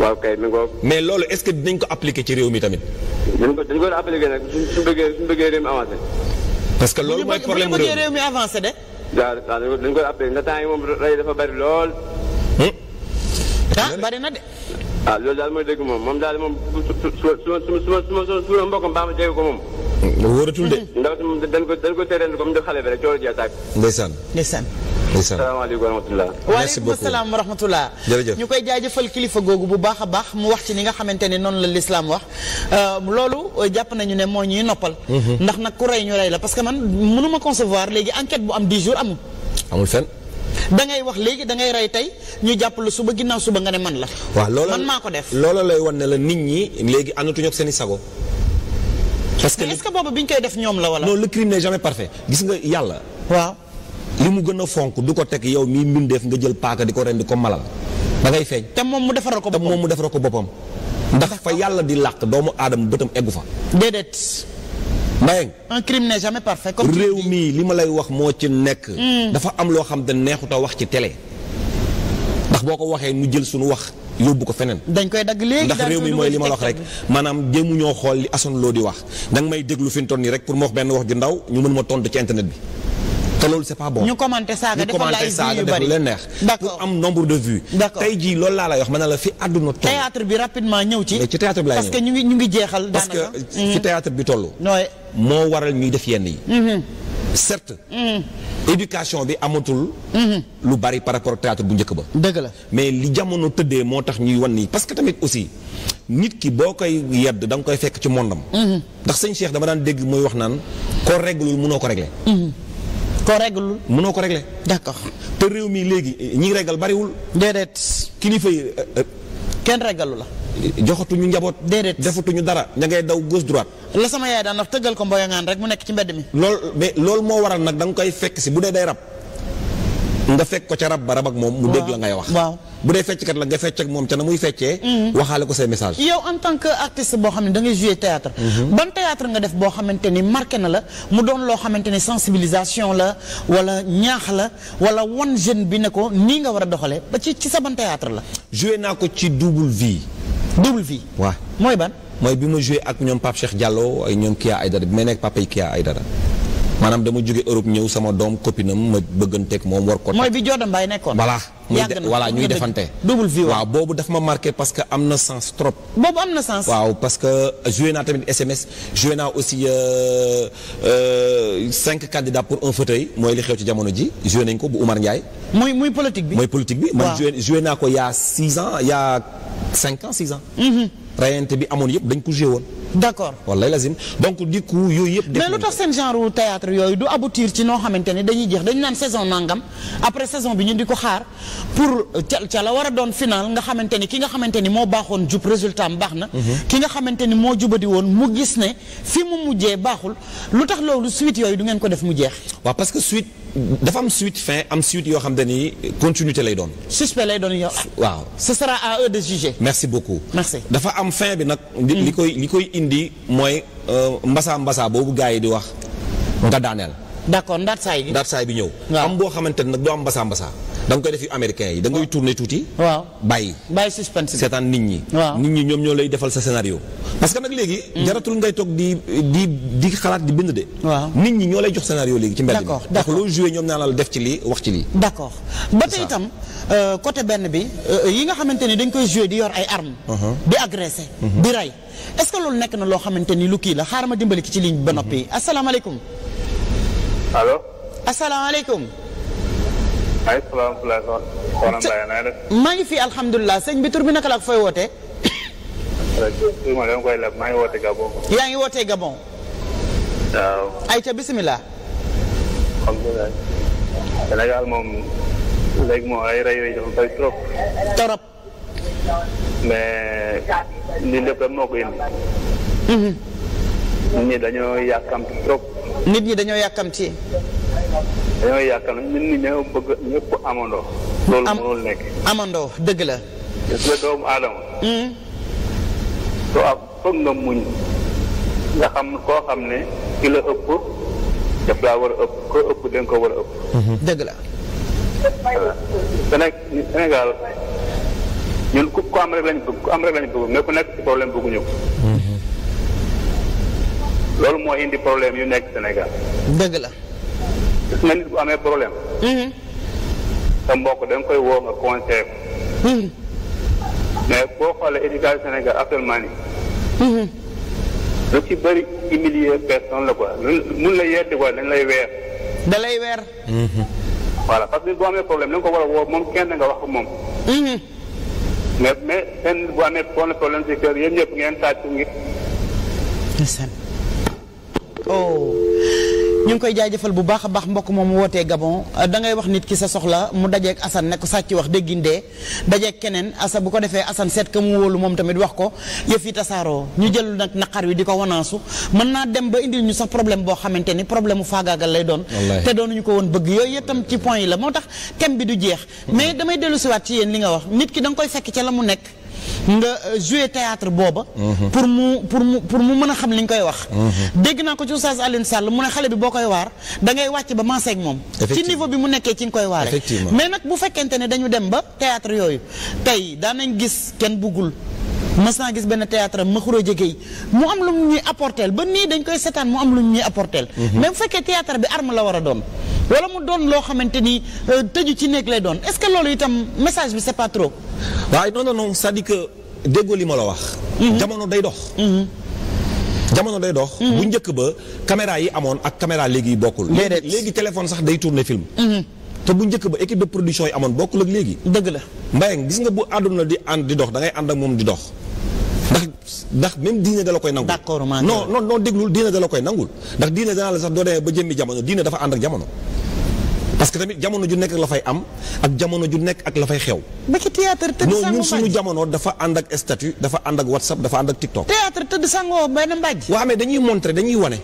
waaw kay mi ngoog. mais loolu est-ce que dinañ ko appliquer ci réew mi tamit. dañ ko dañ ko nag suñ bëggee suñ parce que loolu mooy problème bu réew mi avancé de. waaw waaw dañu koy appelé nga temps yi moom rey dafa bari lool. Hmm? ah bari na de. ah loolu daal mooy dëgg moom moom daal moom su su su ma su ma su ma mbokkam baa ma jege ko moom. wóoratul de. ndaw si moom dañ ko dañ ko tereel comme def xale bi rek coono jii àttaque. ndeysaan. ndeysaan. incha allah salaamaaleykum wa rahmatulah. waaleykum salaam wa rahmatulah. jërëjëf ñu koy jaajëfal kilifa googu bu baax a baax mu wax ci ni nga xamante ne noonu la lislaam wax loolu jàpp nañu ne moo ñuy noppal. ndax nag ku rey ñu rey la parce que man mënu ma concevoir léegi enquête bu am 10 jours amul. amul fenn. da ngay wax léegi da ngay rey tey ñu jàpp la suba ginnaaw suba nga ne man la. waaw loolu man maa ko def. loolu lay wan ne la nit ñi léegi àndatuñu ak seen i sago. parce que est-ce que boobu bi ñu koy def ñoom la wala. non le crime n'est jamais parfait gis nga yàlla. waaw li mu gën a fonk du ko teg yow mii mbindeef nga jël paaka di ko rendi comme malal da ngay feeñ. te moom mu defaral ko boppam moom mu defaral ko boppam. ndax fa yàlla di làq doomu aadama bëtam eggu fa. déedéet. Mbayang un crime n'est jamais parfait comme réew mii li ma lay wax moo ci nekk. Hmm. dafa am loo xam ne neexut a wax ci télé. ndax boo ko waxee nu jël suñu wax yóbbu ko feneen. dañ koy dagg léegi ndax réew mi mooy li ma la wax rek maanaam jëmu ñoo xool li ason loo di wax danga may déglu fi mu toll nii rek pour ma wax benn wax ju ndaw ñu mën ma tontu ci internet bi. te loolu c'est pas bon. ñu commenté saaga defal la ay vues yu bari leen neex. pour am nombre de vues. tey jii loolu laa lay wax ma ne la fi àdduna toll. théâtre bi rapidement ñëw ci. ci théâtre bi ñu ngi ñu ngi jeexal. daanaka parce que ci mhm. théâtre bi toll. moo waral ñuy def yenn yi. Mhm. certes. Mhm. éducation bi amatul. lu bari par rapport ak théâtre bu njëkk ba. dëgg la mais li jamono tëddee moo tax ñuy wan nii parce que tamit aussi nit ki boo koy yedd da nga koy fekk ci mondam. ndax sëñ Cheikh dama daan dégg muy wax naan koo réglul mënoo ko réglé. koo réglul mënoo ko régler. d'accord te réew mii léegi ñi regal bariwul. déedéet kilifa yi. Euh, euh, kenn régalu la. joxatuñu njaboot. déedéet defatuñu dara da ngay daw gauche droite. la sama yaay daan wax tëggal ko mboyangaan rek mu nekk ci mbedd mi. lool mais loolu moo waral nag danga koy fekk si bu dee day rab. nga fekk ko ca rab ba rab ak moom. mu dégg la ngay wax. waaw bu dee fecckat la nga fecc ak moom ca na muy feccee. Mhm. waxaale ko say message yow en tant que artiste boo xam ne da ngay jouer théâtre. Mhm. ban théâtre nga def boo xamante ni marke na la mu doon loo xamante ni sensibilisation la wala ñaax la wala wan jeune bi ne ko nii nga war a doxalee ba ci ci sa ban théâtre la. joué naa ko ci double vie. double vie. waaw mooy ban. mooy bi ma joué ak ñoom Pape Cheikh Diallo ay ñoom Kia Aydara bi may nekk papa yi Kia maanaam dama jóge Europe ñëw sama doom copinam ma bëgganteeg moom war ko. mooy bi Jordan Mbaye nekkoon. voilà muy voilà ñuy defante. double vie boobu daf ma marqué parce que am na sens trop. boobu am na sens. waaw parce que joué naa tamit SMS joué naa aussi euh, euh, cinq candidats pour un fauteuil mooy li xew ci jamono ji joué nañ ko bu Oumar Ndiaye. muy muy politique bi. mooy politique bi man joué joué naa ko y a six ans yaa a cinq ans six ans. Mm-hmm. rayante bi amoon yëpp dañ ko joué woon. d'accord wallaay lazim donc du coup yooyu yëpp. mais lu tax seen genre théâtre yooyu du aboutir ci noo xamante ne dañuy jeex dañu naan saison nangam après saison bi di ko xaar pour euh, la war a doon final nga xamante ni ki nga xamante ni moo baaxoon jub résultat am baax na. Mhm. ki nga xamante ni moo jubadi woon mu gis ne fi mu mujjee baaxul lu tax loolu suite yooyu du ngeen ko def mu jeex. waaw parce que suite. dafa am suite fin am suite yoo xam ne ni continuité lay doon. suspect lay doon yow. waaw ce sera à eux de juger. merci beaucoup merci. dafa am fin bi nag. li hmm. koy li koy indi mooy mbasaa euh, mbasaa boobu gars yi di wax nga daaneel. d'accord ndaat saay bi ndaat saay bi ñëw. am boo xamante ne nag doo am basaa basaa da nga koy def yu américain yi da ngay tourner tuuti. waaw bàyyi. bàyyi suspense seetaan nit ñi. nit ñi ñoom ñoo lay defal sa scénario. parce que nag léegi. Mm. jaratul ngay toog di di di xalaat di bind de. nit ñi ñoo lay jox scénario léegi. ci mbedd mi d'accord ndax loo joué ñoom def ci lii wax ci lii. d'accord ba tey itam euh, côté benn bi euh, yi nga xamante ni dañ koy joué di yor ay armes. Uh-huh. di agressé. Uh-huh. di rey est-ce que loolu nekk na loo xamante ni lu kii la xaaral ma dimbali ki ci li bi ba noppi uh-huh. asalaamaaleykum. alo asalaamaaleykum. maaleykum salaam wa rahmatulah. fi alhamdulilah sëñ bi tur bi naka la ak fooy wootee. maa ngi wootee Gabon. yaa ngi wootee Gabon. waaw. ayca ay rey rey dafa bëri trop. trop. mais lii lépp rek moo nit ñi dañoo yàkkamti trop. nit ñi dañoo yàkkamti. dañoo yàkkamti nit ñi dañoo bëgg ñëpp amandoo. loolu mënul nekk. amandoo dëgg la. gis nga doomu hmm. am koo xam ne ki la ëpp daf laa war ëpp ko ëpp da ko war a hmm. dëgg la. Sénégal ñun ku am rek lañ bëgg ku am lañ bëgg mais ku nekk ci problème bëgguñu ko. Hmm. loolu mooy indi problème yu nekk Sénégal. dëgg la. gis nga nit bu amee problème. Mhm. sa mbokk danga koy woo nga conseillé ko. Mhm. mais boo xoolee éducation Sénégal actuellement nii. Mhm. lu ci bëri humilier personne la ko lu mun la yedd quoi dañ lay weer. da lay weer. voilà parce que nit bu amee problème da ko war a woo moom kenn nga wax ko moom. mais mais seen bu amee problème si kër yéen ñëpp ngeen tàccu ngi oh ñu ngi koy jaajëfal bu baax a baax mbokk moom mu wootee Gabon euh, da ngay wax nit ki sa soxla mu dajeeg Assane ne ko sàcc wax déggin dee dajeeg keneen Assane bu ko defee Assane seet ka mu wóolu moom tamit wax ko yëf yi tasaaroo ñu jël nag naqar wi di ko wanaasu mën naa dem ba indil ñu sax problème boo xamante ni problème mu faagaagal lay doon te ñu ko woon bëgg yooyu itam ci point yi la moo tax thème bi du jeex mais damay dellu siwaat ci yéen li nga wax nit ki da nga koy fekk ca la mu nekk nga euh, jouer théâtre booba. Mhm. pour mu pour mu pour mu mën a xam li nga koy wax. Mhm. dégg naa ko ci oustaz Alioune Sall mu ne xale bi boo koy waar dangay ngay wàcc ba mancé moom. ci niveau bi mu nekkee ci nga koy waare. mais nag bu fekkente ne dañu dem ba théâtre yooyu tey daanañ gis kenn buggul. mas naa gis benn théâtre am ma xuroo jege mu am lu ñuy apporteel ba nii dañ koy setaan mu am lu ñuy apporteel mais mhm. mu fekkee théâtre bi arme la war a doon wala mu doon loo xamante ni euh, tëju ci nekk lay doon est-ce que loolu itam message bi c'est pas trop waaye non non sa cest que déggoo li ma la wax mhm. jamono day dox mhm. jamono day dox bu njëkk ba caméra yi amoon ak caméra léegi yi bokkul léegi téléphone sax day tourner film te bu njëkk ba équipe de production yi amoon bokkul ak léegi la Mbaye gis nga bu àdduna di ànd dox da ngay ànd ak moom di dox ndax même diine dala koy nangul. d'accord no non non déglul diine dala koy nangul ndax diine danaa la sax doo demee ba jëmmi jamono diine dafa ànd ak jamono. parce que tamit jamono ju nekk la fay am ak jamono ju nekk ak la fay xew. ba ci théâtre tëdd sangoo jamono dafa ànd ak statut dafa ànd ak whatsapp dafa ànd ak tiktok. théâtre tëdd sangoo benn mbàjj. waaw mais dañuy montrer dañuy wane.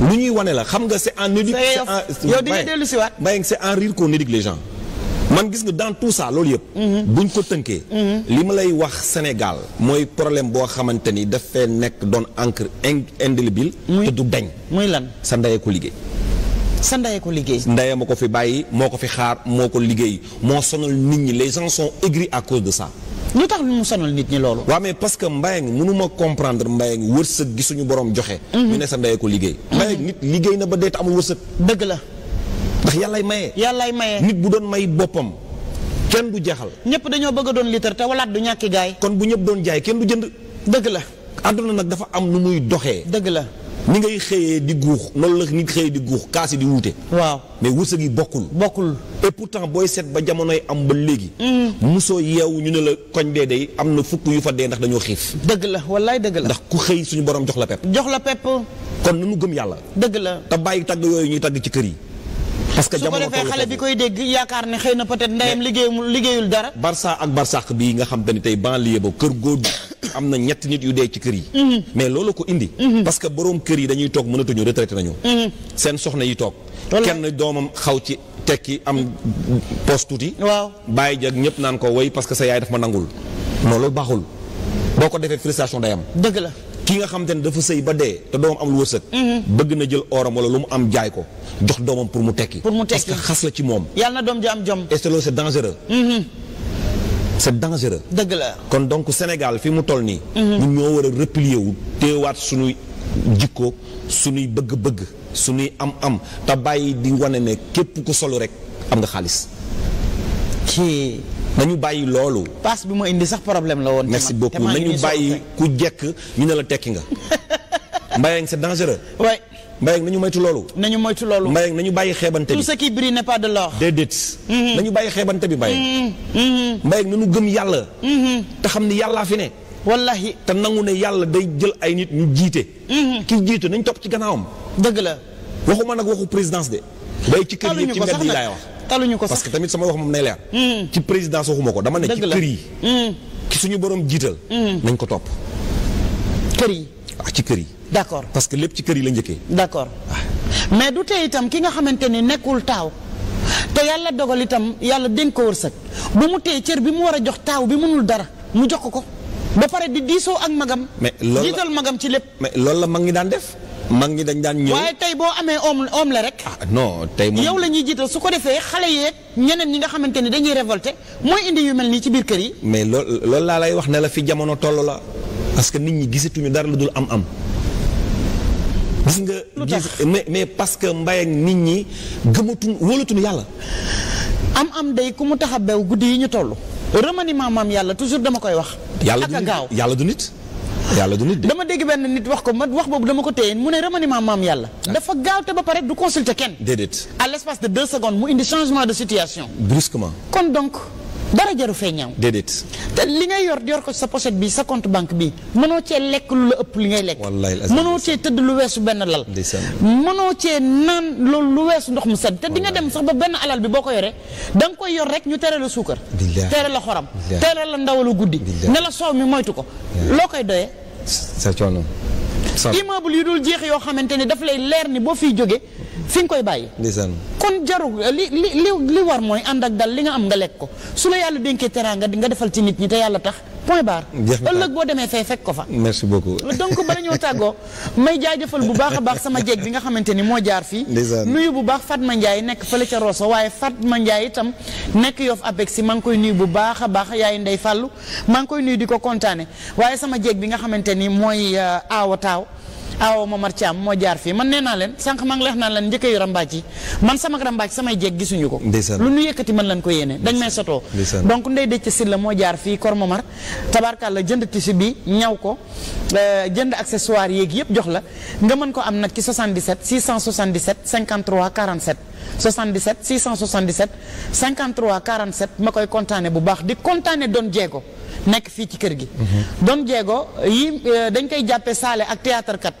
lu ñuy wane la xam nga c'est en. éduque c'est en yow di nga dellu si waat. Mbaye c'est en rire qu'on éduque les gens. man gis nga dant tout ça loolu yëpp. Mhm. ñu ko tënkee. Mhm. li ma lay wax Sénégal mooy problème boo xamante ni dafay nekk doon encre indélébile. te du dañ. muy lan sa ndeye ko liggéey. sa ndaye ko liggéey. ndaye ma ko fi bàyyi moo ko fi xaar moo ko liggéey moo sonal nit ñi les gens sont aigris à cause de ça. lu tax mu sonal nit ñi loolu. waaw mais parce que Mbaye ngi mënuma comprendre Mbaye ngi wërsëg gi suñu borom joxe. Mhm. ñu ne sa ndaye ko liggéey. Mbaye nit na ba dee te amul wërsëg. la. ndax yàllaay maye. yàllaay maye nit bu doon may boppam kenn du jaxal. ñëpp dañoo bëgg doon litre te walaat du ñàkki gaay kon bu ñëpp doon jaay kenn du jënd. dëgg la. àdduna nag dafa am nu muy doxee. dëgg la. ni ngay xëyee di guux noonu la nit xëyee di guux kaasi di wuute. waaw mais wërsëg yi bokkul. bokkul et pourtant booy seet ba jamonoy am ba léegi. musoo mm. yeewu ñu ne la koñ bee day am na fukk yu fa dee ndax dañoo xiif. dëgg la wallaay dëgg la. ndax ku xëy suñu borom jox la pepp. jox la pepp. kon nanu gëm yàlla. dëgg la te bàyyi tagg yooyu ñuy tagg ci kër yi. parce que jamono su ko defee xale bi koy dégg yaakaar ne xëy na peut-être ndeyam liggéeyul liggéeyul dara. Barça ak Barsax bii nga xam te ni tey banlieue ba kër góor am na ñetti nit yu dee ci kër yi. Mhm. mais loolu ko indi. Mhm. parce que borom kër yi dañuy toog mënatuñu retraité nañu. Mhm. seen soxna yi toog. kenn doomam xaw ci tekki am poste tuuti. waaw bàyyi jag ñëpp naan ko woy parce que sa yaay dafa ma nangul. non loolu baaxul boo ko defee frustration day am. dëgg la. ki nga te ne dafa sëy ba dee te doomam amul wërsëg. Mhm. bëgg na jël oram wala lu mu am jaay ko jox doomam pour mu tekki. pour mu tekki parce que xas la ci moom. yàlla na doom ji am jom. et loolu c'est dangereux. Mhm. c'est dangereux. dëgg la kon donc Sénégal fi mu toll nii. Mhm. ñun ñoo war a replier wu teewaat suñuy jikko suñuy bëgg-bëgg suñuy am-am te bàyyi di wane ne képp ku solo rek am nga xaalis. nañu bàyyi loolu. paas bi ma indi sax problème la woon. merci beaucoup nañu bàyyi ku jekk ñu ne la tekki nga. Mbayang c'est dangereux. oui Mbayang nañu moytu loolu. nañu moytu loolu. Mbayang nañu bàyyi xeebante bi. tout ce qui brille n'est pas de l'or. déedéet. Mm-hmm. nañu bàyyi xeebante bi Mbayang. Mm-hmm. Mm-hmm. Mbayang nañu gëm yàlla. te xam ni yàllaa fi ne. wallahi te nangu ne yàlla day jël ay nit ñu jiite. ki jiite nañ topp ci gannaawam. dëgg la. waxuma nag waxu présidence de. day ci kër yi ci mbedd yi laay wax. taluñu ko parce que tamit sama wax moom nay leer. Hmm. ci présidence waxuma ko dama ne. ci kër yi. Hmm. ki suñu boroom jiital. Hmm. nañ ko topp. kër yi. ah ci kër yi. d'accord parce que lépp ci kër yi la njëkkee. d'accord ah. mais du tey itam ki nga xamante ni nekkul taaw. te yàlla dogal itam yàlla dénk ko wërsëg ba mu téye cër bi mu war a jox taaw bi mënul dara mu jox ko ko ba pare di diisoo ak magam. mais loolu la magam ci lépp. mais loolu la mag ngi daan def. mag ñi dañ daan ñëw waaye tey boo amee oom oom la rek. ah non tey moom yow la ñuy jiital su ko defee xale yeeg ñeneen ñi nga xamante ni dañuy révolté mooy indi yu mel nii ci biir kër yi. mais loolu loolu laa lay wax ne la fi jamono toll la parce que nit ñi gisatuñu dara la dul am-am. gis nga gis mais parce que mbay nit ñi gëmatuñu wóolatuñu yàlla. am-am day ku mu tax a bew guddi yi ñu toll. remaniement maam yàlla toujours dama koy wax. yàlla a gaaw yàlla du nit. yàlla du nit dama dégg benn nit wax ko wax boobu dama ko téye mu ne remaniement maam yàlla. Ah. dafa gaaw te ba pare du consulter kenn. déedéet à l' de deux mu indi changement de situation. brusquement kon donc. dara jaru fee ñaaw. déedéet. te li ngay yor yor ko sa poset bi sa compte banque bi mënoo cee lekk lu la ëpp li ngay lekk. mënoo cee tëdd lu weesu benn lal. mënoo cee naan loolu lu weesu ndox mu sedd. te di nga dem sax ba benn alal bi boo ko yoree danga koy yor rek ñu tere la suukar. tere la xoram. tere la ndawalu guddi. ne la soow mi moytu ko. loo koy doyee. sa coono. immeuble yu dul jeex yoo xamante ne daf lay leer ni boo fiy jógee fi nga koy bàyyi kon jaru li li li war mooy ànd ak dal li nga am nga lekk ko su la yàlla dénkee teraanga nga defal ci nit ñi te yàlla tax point barre. ëllëg boo demee fee fekk ko fa. merci beaucoup donc bala ñoo tàggoo may jaajëfal bu baax a baax sama jeeg bi nga xamante ni moo jaar fii. nuyu bu baax Fatma Ndiaye nekk fële ca Rosso waaye Fatma Ndiaye itam nekk Yoff APEX si maa ngi koy nuyu bu baax a baax yaay Ndey Fàllu maa ngi koy nuyu di ko kontaane waaye sama jeeg bi nga xamante ni mooy aawa euh, taaw awo Momar Thiam moo jaar fii man nee naa leen sànq maa ngi leex naa leen njëkk yu rambaaj yi man sama rambaaj samay jeeg gisuñu ko lu ñu yëkkati mën lañ ko yéene dañ may sotoo donc ndey dëcc si la moo jaar fii Kor Momar tabarkal la jënd tissu bi ñaw ko euh, jënd accessoire yéeg yëpp jox la nga mën ko am nag ci 77 677 53 47 77 677 53 47 ma koy kontaane bu baax di kontaane doon jeego nekk fii ci kër gi mhm. don jeego yi euh, dañ koy jàppe saale ak théâtre kat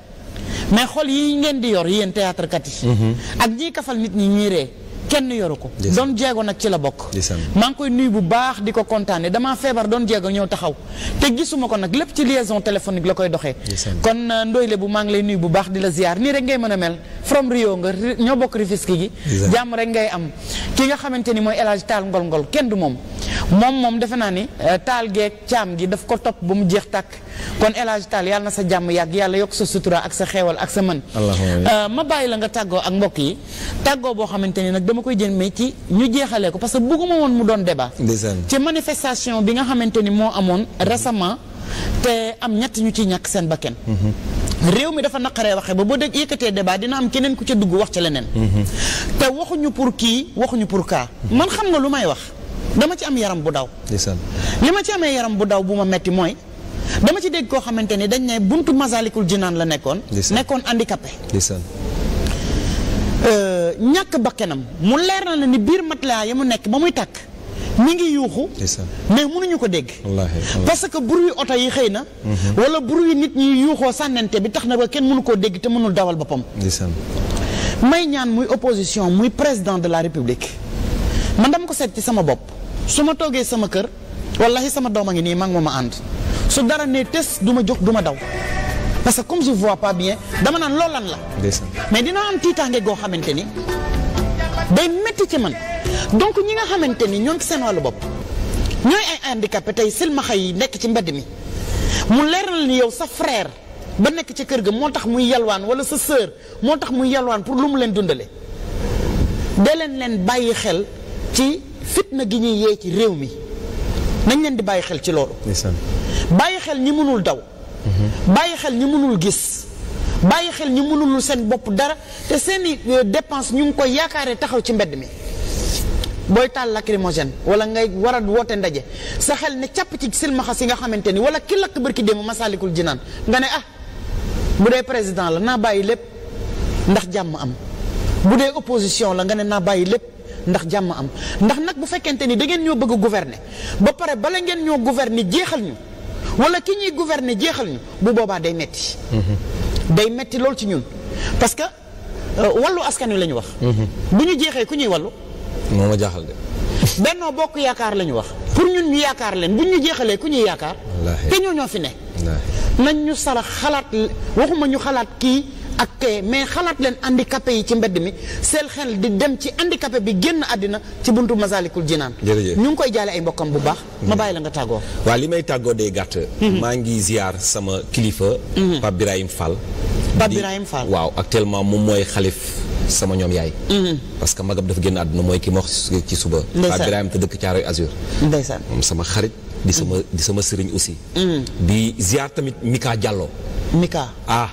mais xol yi ngeen di yor yéen théâtre kat yi mhm. ak ñiy kafal nit ñi ñuy ree kenn yoru ko doon jeego nag ci la bokk maa ngi koy nuyu bu baax di ko kontaane dama feebar doon jeego ñëw taxaw te gisuma ko nag lépp ci liaison téléphonique la koy doxee kon euh, ndoyle bu maa ngi lay nuyu bu baax di la ziar nii rek ngay mën a mel from Rio nga ñoo bokk Rufisque gi jàmm rek ngay am ki nga xamante ni mooy élage Hadj Taal Ngol Ngol kenn du moom moom moom defe naa ni euh, taal geeg caam gi daf ko topp ba mu jeex tàkk kon El Hadj Tall yàlla na sa jàmm yàgg yàlla yokk sa sutura ak sa xewal ak sa mën euh, ma bàyyi la nga tàggoo ak mbokk yi tàggoo boo xamante ni nag dama koy jël mais ci ñu jeexalee ko parce que bëgguma woon mu doon débat ci manifestation bi nga xamante ni moo amoon récemment te am ñett ñu ci ñàkk seen bakken mm-hmm. réew mi dafa naqaree waxee ba boo dégg yëkkatee débat dina am keneen ku ca dugg wax ca leneen mm-hmm. te waxuñu pour kii waxuñu pour kaa man xam nga lu may wax dama ci am yaram bu daw li ma ci amee yaram bu daw bu ma metti mooy dama ci dégg koo xamante ni dañ ne buntu Masalikul Jinaan la nekkoon. nekkoon handicapé. Euh, ñàkk ba kenam mu leer na la ni biir matelas yi mu nekk ba muy takk mi ngi yuuxu. mais munuñu ko dégg. parce que bruit oto yi xëy na. Mhm. wala bruit nit ñuy yuuxoo sànnante bi tax na ba kenn mënu koo dégg te mënul dawal boppam. may ñaan muy opposition muy président de la république man dama ko seet ci sama bopp su ma toogee sama kër wallahi sama doom a ngi nii mag ma ma ànd. su dara nee tes du ma jóg duma daw parce que comme je vois pas bien dama naan loolu lan la. mais dina am tiitaange goo xamante ni day métti ci man donc ñi nga xamante ni ñoo ngi seen wàllu bopp ñooy ay handicapé tey silmaxa yi nekk ci mbedd mi mu leeral ni yow sa freer ba nekk ci kër gi moo tax muy yalwaan wala sa sœur moo tax muy yalwaan pour lu mu leen dundale de leen leen bàyyi xel ci fitna gi ñuy yee ci réew mi nañ leen di bàyyi xel ci loolu. bàyyi xel ñi mënul daw bàyyi xel ñi mënul gis bàyyi xel ñi mënul seen bopp dara te seeni euh, dépense ñu ngi koy yaakaaree taxaw ci mbedd mi booy taal lacrymogène wala ngay war a woote ndaje sa xel ne càpp ci silmaxa si nga xamante ni wala ki lakk bërki démb masaalikul jinaan nga ne ah bu dee président la naa bàyyi lépp ndax jàmm am bu dee opposition la nga ne naa bàyyi lépp ndax jàmm am ndax nag bu fekkente ni da ngeen ñoo bëgg gouverner ba pare bala ngeen ñoo gouverner jeexal ñu wala ki ñuy gouverner jeexal ñu bu boobaa day metti mhm. day metti loolu ci ñun parce que euh, wàllu askan wi la wax mhm. bu ñu jeexee ku ñuy wàllu moo ma jaaxal de bennoo bokk yaakaar lañu wax pour ñun ñu yaakaar leen bu ñu jeexalee ku ñuy yaakaar te ñoo ñoo fi ne nañ ñu sala xalaat waxuma ñu xalaat kii ak mais xalaat leen handicapé yi ci mbedd mi seen xel di dem ci indi handicapé bi génn àddina ci buntu Masalikul Jinaan ñu ngi koy jaale ay mbokkam bu baax ma bàyyi la nga tàggoo waaw li may tàggoo day gàtt mhm. maa ngi ziar sama kilifa mhm. Pape Birahim Fall Pape Birahim Fall waaw actuellement moom mooy xalif sama ñoom yaay mhm. parce que magam dafa génn àdduna mooy ki ma wax ci suba Pape Birahim te dëkk Caaroy Azur ndeysaan moom sama xarit di sama di sama sëriñ aussi di ziar tamit Mika Diallo Mika ah,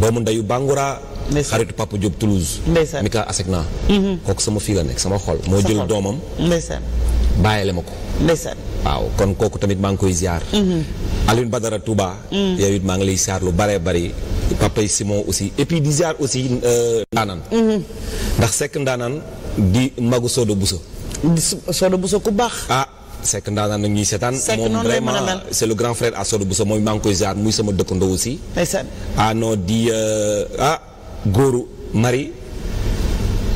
doomu ndeyu Bangoura. xaritu Papa Diop Toulouse. ndeysaan mi ka Asegna. Mhm. kooku sama fii la nekk sama xol. moo jël doomam. ndeysaan bàyyile ma ko. ndeysaan waaw kon kooku tamit maa ngi koy ziar. Mhm. Alioune Badara Touba. Mhm. yow it maa ngi lay ziar lu baree bari. Papa Simon aussi et di ziar aussi euh, ndax sekk Ndaanaan di magu Sodo Bousso. di Sodo ku baax. Ah, Seck ndaanaan nag ñuy seetaan moom vraiment c'est le grand frère Assodou Bousso mooy maa ngi koy ziar muy sama dëkkandoo aussi ah non di euh, ah góoru Marie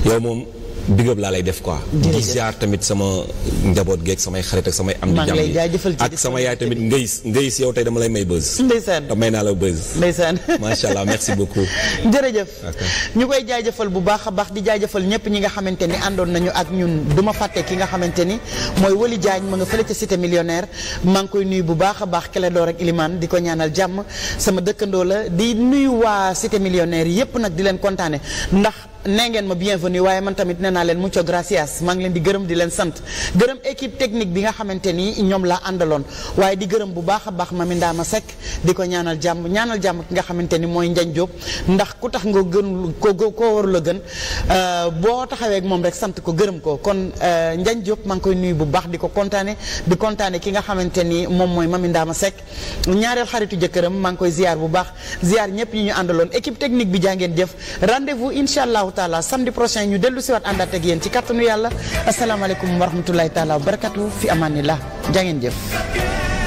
yow moom big up laa lay def quoi. di ziar tamit sama njaboot geeg samay xarit ak samay. am di jàmm ak sama yaay tamit ngay ngay si yow tey dama lay may buzz. ndeysaan te may naa la buzz. ndeysaan macha allah merci beaucoup. jërëjëf. ñu koy jaajëfal bu baax a baax di jëfal ñëpp ñi nga xamante ni àndoon nañu ak ñun du fàtte ki nga xamante ni mooy Wali Diagne ma nga fële ca cité millionnaire ma ngi koy nuyu bu baax a baax Kélédor ak Ilimane di ko ñaanal jàmm sama dëkkandoo la di nuyu waa cité millionnaire yëpp nag di leen kontaane ndax. nee ngeen ma bienvenue waaye man tamit nee naa leen mucho gracias maa leen di di leen sant gërëm équipe technique bi nga xamante ni ñoom laa àndaloon waaye di gërëm bu baax a baax Mami Ndama Seck di ko ñaanal jàmm ñaanal jàmm ki nga xamante ni mooy Njañ ndax ku tax nga gën ko koo waru la gën euh, boo taxawee moom rek sant ko gërëm ko kon euh, Njañ Jóob maa ngi koy nuyu bu baax di ko kontaane di kontaane ki nga xamante ni moom mooy Mami ma Seck ñaareel xaritu jëkkëram maa ngi koy ziar bu baax ziar ñëpp ñi ñu àndaloon équipe technique bi jaa ngeen jëf rendez-vous allah allahu taala samedi prochain ñu dellu siwaat àndaat ak yéen ci kàttanu yàlla asalaamaaleykum wa rahmatulahi taala wa barakatu fi amaanillah jaa ngeen jëf